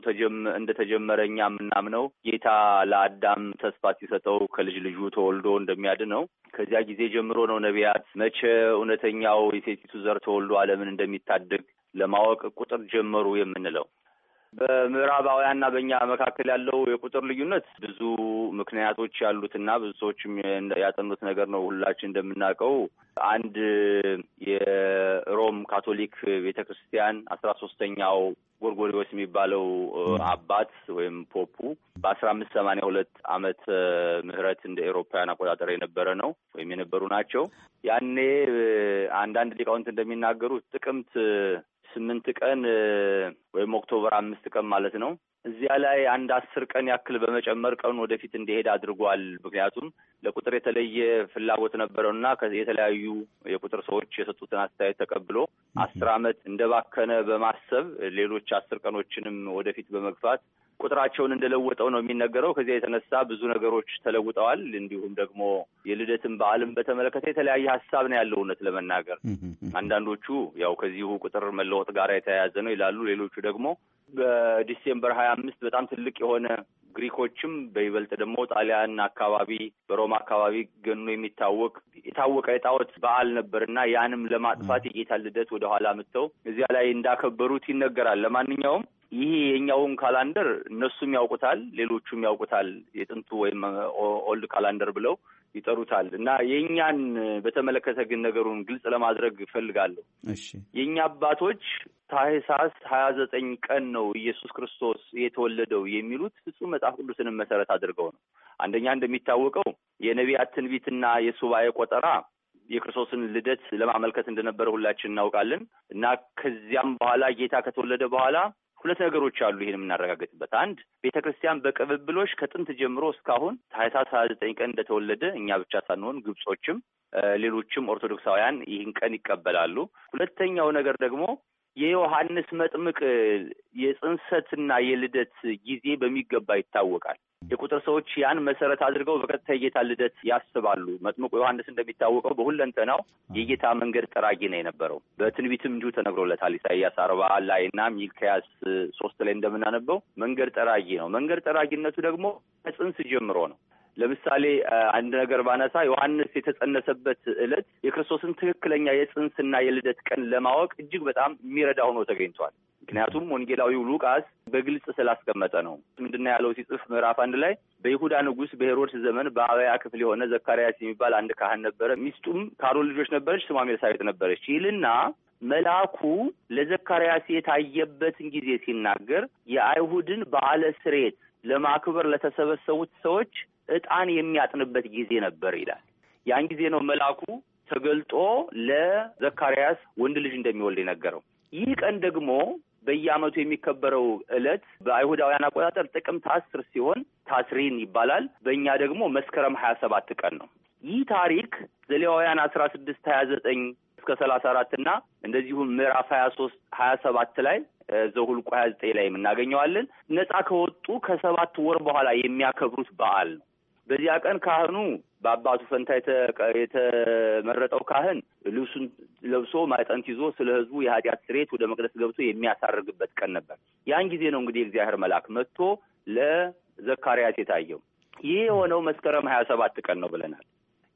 እንደተጀመረ እኛ የምናምነው ጌታ ለአዳም ተስፋ ሲሰጠው ከልጅ ልጁ ተወልዶ እንደሚያድን ነው። ከዚያ ጊዜ ጀምሮ ነው ነቢያት መቼ እውነተኛው የሴቲቱ ዘር ተወልዶ ዓለምን እንደሚታደግ ለማወቅ ቁጥር ጀመሩ የምንለው። በምዕራባውያንና በእኛ መካከል ያለው የቁጥር ልዩነት ብዙ ምክንያቶች ያሉትና ብዙ ሰዎችም ያጠኑት ነገር ነው። ሁላችን እንደምናውቀው አንድ የሮም ካቶሊክ ቤተ ክርስቲያን አስራ ሶስተኛው ጎርጎሪዎስ የሚባለው አባት ወይም ፖፑ በአስራ አምስት ሰማኒያ ሁለት አመት ምህረት እንደ ኤሮፓውያን አቆጣጠር የነበረ ነው ወይም የነበሩ ናቸው። ያኔ አንዳንድ ሊቃውንት እንደሚናገሩት ጥቅምት ስምንት ቀን ወይም ኦክቶበር አምስት ቀን ማለት ነው እዚያ ላይ አንድ አስር ቀን ያክል በመጨመር ቀን ወደፊት እንዲሄድ አድርጓል። ምክንያቱም ለቁጥር የተለየ ፍላጎት ነበረው እና የተለያዩ የቁጥር ሰዎች የሰጡትን አስተያየት ተቀብሎ አስር ዓመት እንደባከነ በማሰብ ሌሎች አስር ቀኖችንም ወደፊት በመግፋት ቁጥራቸውን እንደለወጠው ነው የሚነገረው። ከዚያ የተነሳ ብዙ ነገሮች ተለውጠዋል። እንዲሁም ደግሞ የልደትን በዓልም በተመለከተ የተለያየ ሀሳብ ነው ያለው። እውነት ለመናገር አንዳንዶቹ ያው ከዚሁ ቁጥር መለወጥ ጋር የተያያዘ ነው ይላሉ። ሌሎቹ ደግሞ በዲሴምበር ሀያ አምስት በጣም ትልቅ የሆነ ግሪኮችም በይበልጥ ደግሞ ጣሊያን አካባቢ በሮማ አካባቢ ገኖ የሚታወቅ የታወቀ የጣዖት በዓል ነበር እና ያንም ለማጥፋት የጌታ ልደት ወደኋላ መጥተው እዚያ ላይ እንዳከበሩት ይነገራል። ለማንኛውም ይሄ የኛውን ካላንደር እነሱም ያውቁታል፣ ሌሎቹም ያውቁታል። የጥንቱ ወይም ኦልድ ካላንደር ብለው ይጠሩታል እና የእኛን በተመለከተ ግን ነገሩን ግልጽ ለማድረግ እፈልጋለሁ። የእኛ አባቶች ታህሳስ ሀያ ዘጠኝ ቀን ነው ኢየሱስ ክርስቶስ የተወለደው የሚሉት ፍጹም መጽሐፍ ቅዱስንም መሰረት አድርገው ነው። አንደኛ እንደሚታወቀው የነቢያት ትንቢትና የሱባኤ ቆጠራ የክርስቶስን ልደት ለማመልከት እንደነበረ ሁላችን እናውቃለን እና ከዚያም በኋላ ጌታ ከተወለደ በኋላ ሁለት ነገሮች አሉ ይህን የምናረጋግጥበት። አንድ ቤተ ክርስቲያን በቅብብሎች ከጥንት ጀምሮ እስካሁን ታኅሳስ ሀያ ዘጠኝ ቀን እንደተወለደ እኛ ብቻ ሳንሆን ግብጾችም ሌሎችም ኦርቶዶክሳውያን ይህን ቀን ይቀበላሉ። ሁለተኛው ነገር ደግሞ የዮሐንስ መጥምቅ የጽንሰትና የልደት ጊዜ በሚገባ ይታወቃል። የቁጥር ሰዎች ያን መሰረት አድርገው በቀጥታ የጌታ ልደት ያስባሉ። መጥምቁ ዮሐንስ እንደሚታወቀው በሁለንተናው የጌታ መንገድ ጠራጊ ነው የነበረው። በትንቢትም እንዲሁ ተነግሮለታል። ኢሳያስ አርባ ላይ እና ሚልክያስ ሶስት ላይ እንደምናነበው መንገድ ጠራጊ ነው። መንገድ ጠራጊነቱ ደግሞ ከጽንስ ጀምሮ ነው። ለምሳሌ አንድ ነገር ባነሳ ዮሐንስ የተጸነሰበት ዕለት የክርስቶስን ትክክለኛ የጽንስና የልደት ቀን ለማወቅ እጅግ በጣም የሚረዳ ሆኖ ተገኝቷል። ምክንያቱም ወንጌላዊው ሉቃስ በግልጽ ስላስቀመጠ ነው። ምንድነው ያለው ሲጽፍ ምዕራፍ አንድ ላይ በይሁዳ ንጉሥ በሄሮድስ ዘመን በአብያ ክፍል የሆነ ዘካርያስ የሚባል አንድ ካህን ነበረ። ሚስቱም ካሮል ልጆች ነበረች፣ ስሟ ኤልሳቤጥ ነበረች ይልና መልአኩ ለዘካርያስ የታየበትን ጊዜ ሲናገር የአይሁድን በዓለ ለማክበር ለተሰበሰቡት ሰዎች እጣን የሚያጥንበት ጊዜ ነበር ይላል። ያን ጊዜ ነው መልአኩ ተገልጦ ለዘካርያስ ወንድ ልጅ እንደሚወልድ የነገረው። ይህ ቀን ደግሞ በየዓመቱ የሚከበረው ዕለት በአይሁዳውያን አቆጣጠር ጥቅምት አስር ሲሆን ታስሪን ይባላል። በእኛ ደግሞ መስከረም ሀያ ሰባት ቀን ነው። ይህ ታሪክ ዘሌዋውያን አስራ ስድስት ሀያ ዘጠኝ እስከ ሰላሳ አራት እና እንደዚሁም ምዕራፍ ሀያ ሶስት ሀያ ሰባት ላይ ዘሁልቁ ሀያ ዘጠኝ ላይ የምናገኘዋለን። ነፃ ከወጡ ከሰባት ወር በኋላ የሚያከብሩት በዓል ነው። በዚያ ቀን ካህኑ በአባቱ ፈንታ የተመረጠው ካህን ልብሱን ለብሶ ማዕጠንት ይዞ ስለ ህዝቡ የኃጢአት ስሬት ወደ መቅደስ ገብቶ የሚያሳርግበት ቀን ነበር። ያን ጊዜ ነው እንግዲህ እግዚአብሔር መልአክ መጥቶ ለዘካርያስ የታየው። ይህ የሆነው መስከረም ሀያ ሰባት ቀን ነው ብለናል።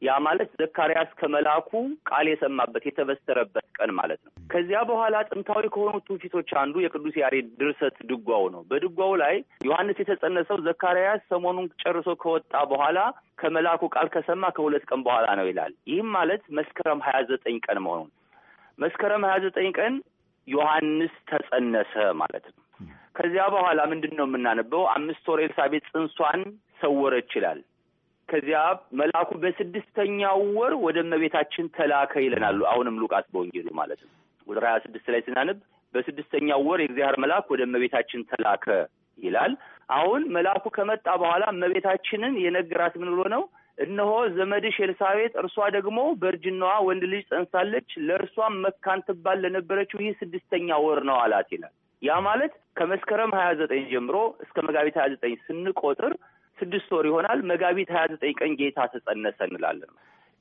ያ ማለት ዘካርያስ ከመላኩ ቃል የሰማበት የተበሰረበት ቀን ማለት ነው። ከዚያ በኋላ ጥንታዊ ከሆኑ ትውፊቶች አንዱ የቅዱስ ያሬድ ድርሰት ድጓው ነው። በድጓው ላይ ዮሐንስ የተጸነሰው ዘካርያስ ሰሞኑን ጨርሶ ከወጣ በኋላ ከመላኩ ቃል ከሰማ ከሁለት ቀን በኋላ ነው ይላል። ይህም ማለት መስከረም ሀያ ዘጠኝ ቀን መሆኑን መስከረም ሀያ ዘጠኝ ቀን ዮሐንስ ተጸነሰ ማለት ነው። ከዚያ በኋላ ምንድን ነው የምናነበው? አምስት ወር ኤልሳቤጥ ጽንሷን ሰወረች ይላል። ከዚያ መልአኩ በስድስተኛው ወር ወደ እመቤታችን ተላከ ይለናሉ። አሁንም ሉቃስ በወንጌሉ ማለት ነው ቁጥር ሀያ ስድስት ላይ ስናንብ በስድስተኛው ወር የእግዚአብሔር መልአክ ወደ እመቤታችን ተላከ ይላል። አሁን መልአኩ ከመጣ በኋላ እመቤታችንን የነገራት ምን ብሎ ነው? እነሆ ዘመድሽ ኤልሳቤጥ እርሷ ደግሞ በእርጅናዋ ወንድ ልጅ ጸንሳለች፣ ለእርሷም መካን ትባል ለነበረችው ይህ ስድስተኛ ወር ነው አላት ይላል። ያ ማለት ከመስከረም ሀያ ዘጠኝ ጀምሮ እስከ መጋቢት ሀያ ዘጠኝ ስንቆጥር ስድስት ወር ይሆናል። መጋቢት ሀያ ዘጠኝ ቀን ጌታ ተጸነሰ እንላለን።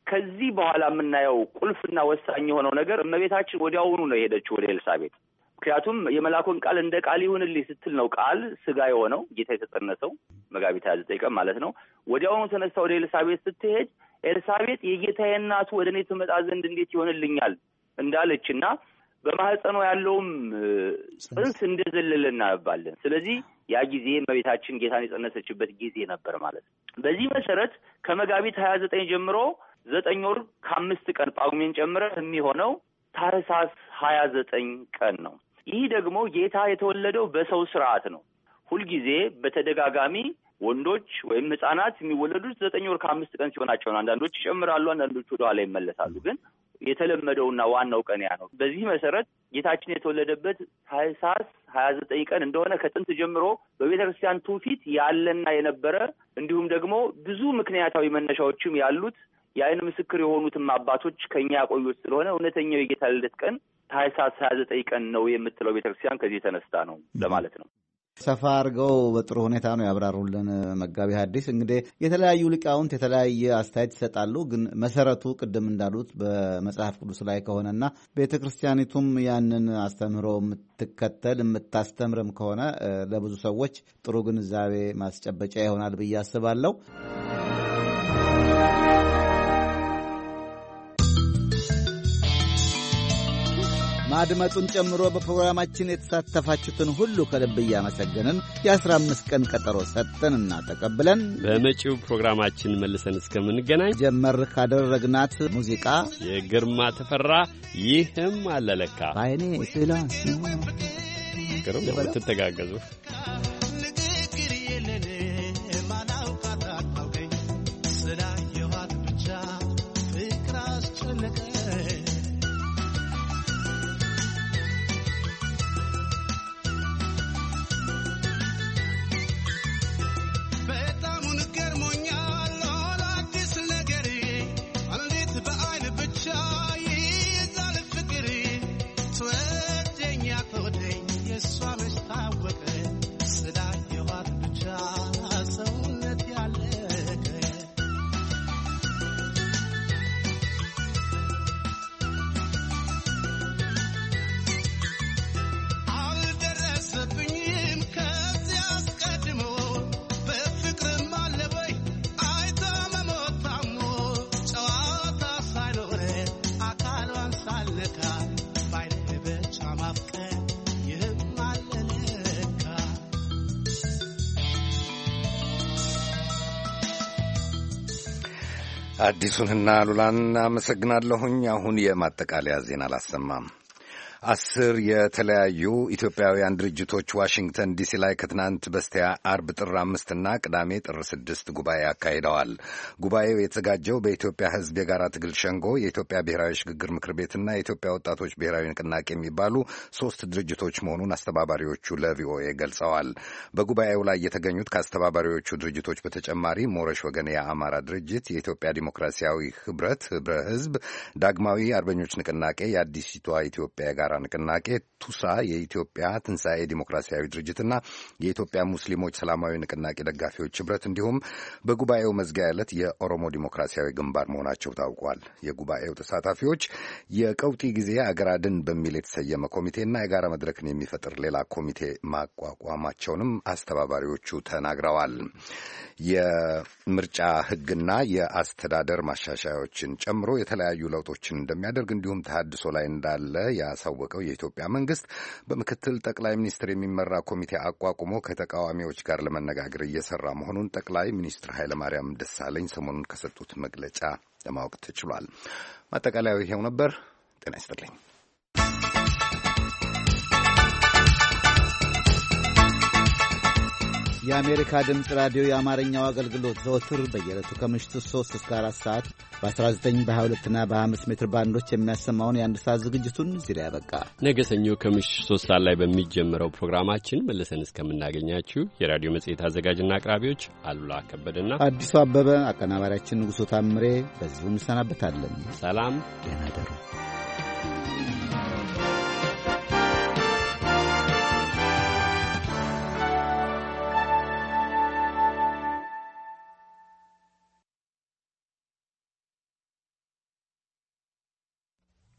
ከዚህ በኋላ የምናየው ቁልፍና ወሳኝ የሆነው ነገር እመቤታችን ወዲያውኑ ነው የሄደችው ወደ ኤልሳቤጥ። ምክንያቱም የመላኩን ቃል እንደ ቃል ይሁንልኝ ስትል ነው ቃል ስጋ የሆነው ጌታ የተጸነሰው መጋቢት ሀያ ዘጠኝ ቀን ማለት ነው። ወዲያውኑ ተነሳ ወደ ኤልሳቤጥ ስትሄድ ኤልሳቤጥ የጌታዬ እናቱ ወደ እኔ ትመጣ ዘንድ እንዴት ይሆንልኛል እንዳለች እና በማህፀኗ ያለውም ጽንስ እንደዘለለ እናነባለን። ስለዚህ ያ ጊዜ እመቤታችን ጌታን የጸነሰችበት ጊዜ ነበር ማለት ነው። በዚህ መሰረት ከመጋቢት ሀያ ዘጠኝ ጀምሮ ዘጠኝ ወር ከአምስት ቀን ጳጉሜን ጨምረ የሚሆነው ታህሳስ ሀያ ዘጠኝ ቀን ነው። ይህ ደግሞ ጌታ የተወለደው በሰው ስርዓት ነው። ሁልጊዜ በተደጋጋሚ ወንዶች ወይም ህጻናት የሚወለዱት ዘጠኝ ወር ከአምስት ቀን ሲሆናቸው ነው። አንዳንዶች ይጨምራሉ፣ አንዳንዶች ወደኋላ ይመለሳሉ። ግን የተለመደውና ዋናው ቀን ያ ነው። በዚህ መሰረት ጌታችን የተወለደበት ታህሳስ ሀያ ዘጠኝ ቀን እንደሆነ ከጥንት ጀምሮ በቤተ ክርስቲያን ትውፊት ያለና የነበረ እንዲሁም ደግሞ ብዙ ምክንያታዊ መነሻዎችም ያሉት የአይን ምስክር የሆኑትም አባቶች ከኛ ያቆዩት ስለሆነ እውነተኛው የጌታ ልደት ቀን ታኅሳስ ሀያ ዘጠኝ ቀን ነው የምትለው ቤተክርስቲያን ከዚህ የተነሳ ነው ለማለት ነው። ሰፋ አድርገው በጥሩ ሁኔታ ነው ያብራሩልን መጋቢ ሐዲስ። እንግዲህ የተለያዩ ሊቃውንት የተለያየ አስተያየት ይሰጣሉ። ግን መሰረቱ ቅድም እንዳሉት በመጽሐፍ ቅዱስ ላይ ከሆነና ቤተ ክርስቲያኒቱም ያንን አስተምህሮ የምትከተል የምታስተምርም ከሆነ ለብዙ ሰዎች ጥሩ ግንዛቤ ማስጨበጫ ይሆናል ብዬ አስባለሁ። ማድመጡን ጨምሮ በፕሮግራማችን የተሳተፋችሁትን ሁሉ ከልብ እያመሰገንን የአስራ አምስት ቀን ቀጠሮ እና ተቀብለን በመጪው ፕሮግራማችን መልሰን እስከምንገናኝ ጀመር ካደረግናት ሙዚቃ የግርማ ተፈራ ይህም አለለካ ባይኔ ስላ ግርም ትተጋገዙ አዲሱንና ሉላን አመሰግናለሁኝ። አሁን የማጠቃለያ ዜና አላሰማም። አስር የተለያዩ ኢትዮጵያውያን ድርጅቶች ዋሽንግተን ዲሲ ላይ ከትናንት በስቲያ አርብ ጥር አምስትና ቅዳሜ ጥር ስድስት ጉባኤ አካሂደዋል። ጉባኤው የተዘጋጀው በኢትዮጵያ ሕዝብ የጋራ ትግል ሸንጎ፣ የኢትዮጵያ ብሔራዊ ሽግግር ምክር ቤትና የኢትዮጵያ ወጣቶች ብሔራዊ ንቅናቄ የሚባሉ ሶስት ድርጅቶች መሆኑን አስተባባሪዎቹ ለቪኦኤ ገልጸዋል። በጉባኤው ላይ የተገኙት ከአስተባባሪዎቹ ድርጅቶች በተጨማሪ ሞረሽ ወገን የአማራ ድርጅት፣ የኢትዮጵያ ዲሞክራሲያዊ ህብረት ህብረ ሕዝብ፣ ዳግማዊ አርበኞች ንቅናቄ፣ የአዲሲቷ ኢትዮጵያ የጋራ አማራ ንቅናቄ ቱሳ፣ የኢትዮጵያ ትንሣኤ ዲሞክራሲያዊ ድርጅትና የኢትዮጵያ ሙስሊሞች ሰላማዊ ንቅናቄ ደጋፊዎች ኅብረት እንዲሁም በጉባኤው መዝጊያ ዕለት የኦሮሞ ዲሞክራሲያዊ ግንባር መሆናቸው ታውቋል። የጉባኤው ተሳታፊዎች የቀውጢ ጊዜ አገር አድን በሚል የተሰየመ ኮሚቴና የጋራ መድረክን የሚፈጥር ሌላ ኮሚቴ ማቋቋማቸውንም አስተባባሪዎቹ ተናግረዋል። የምርጫ ሕግና የአስተዳደር ማሻሻያዎችን ጨምሮ የተለያዩ ለውጦችን እንደሚያደርግ እንዲሁም ተሃድሶ ላይ እንዳለ ያሳወቀ ያስታወቀው የኢትዮጵያ መንግስት በምክትል ጠቅላይ ሚኒስትር የሚመራ ኮሚቴ አቋቁሞ ከተቃዋሚዎች ጋር ለመነጋገር እየሰራ መሆኑን ጠቅላይ ሚኒስትር ኃይለማርያም ደሳለኝ ሰሞኑን ከሰጡት መግለጫ ለማወቅ ተችሏል። ማጠቃለያው ይሄው ነበር። ጤና ይስጥልኝ። የአሜሪካ ድምፅ ራዲዮ የአማርኛው አገልግሎት ዘወትር በየዕለቱ ከምሽቱ 3 እስከ 4 ሰዓት በ19 በ22ና በ25 ሜትር ባንዶች የሚያሰማውን የአንድ ሰዓት ዝግጅቱን እዚህ ላይ ያበቃ። ነገ ሰኞ ከምሽቱ 3 ሰዓት ላይ በሚጀምረው ፕሮግራማችን መልሰን እስከምናገኛችሁ የራዲዮ መጽሔት አዘጋጅና አቅራቢዎች አሉላ ከበደና አዲሱ አበበ፣ አቀናባሪያችን ንጉሡ ታምሬ በዚሁ እንሰናበታለን። ሰላም፣ ደህና ደሩ።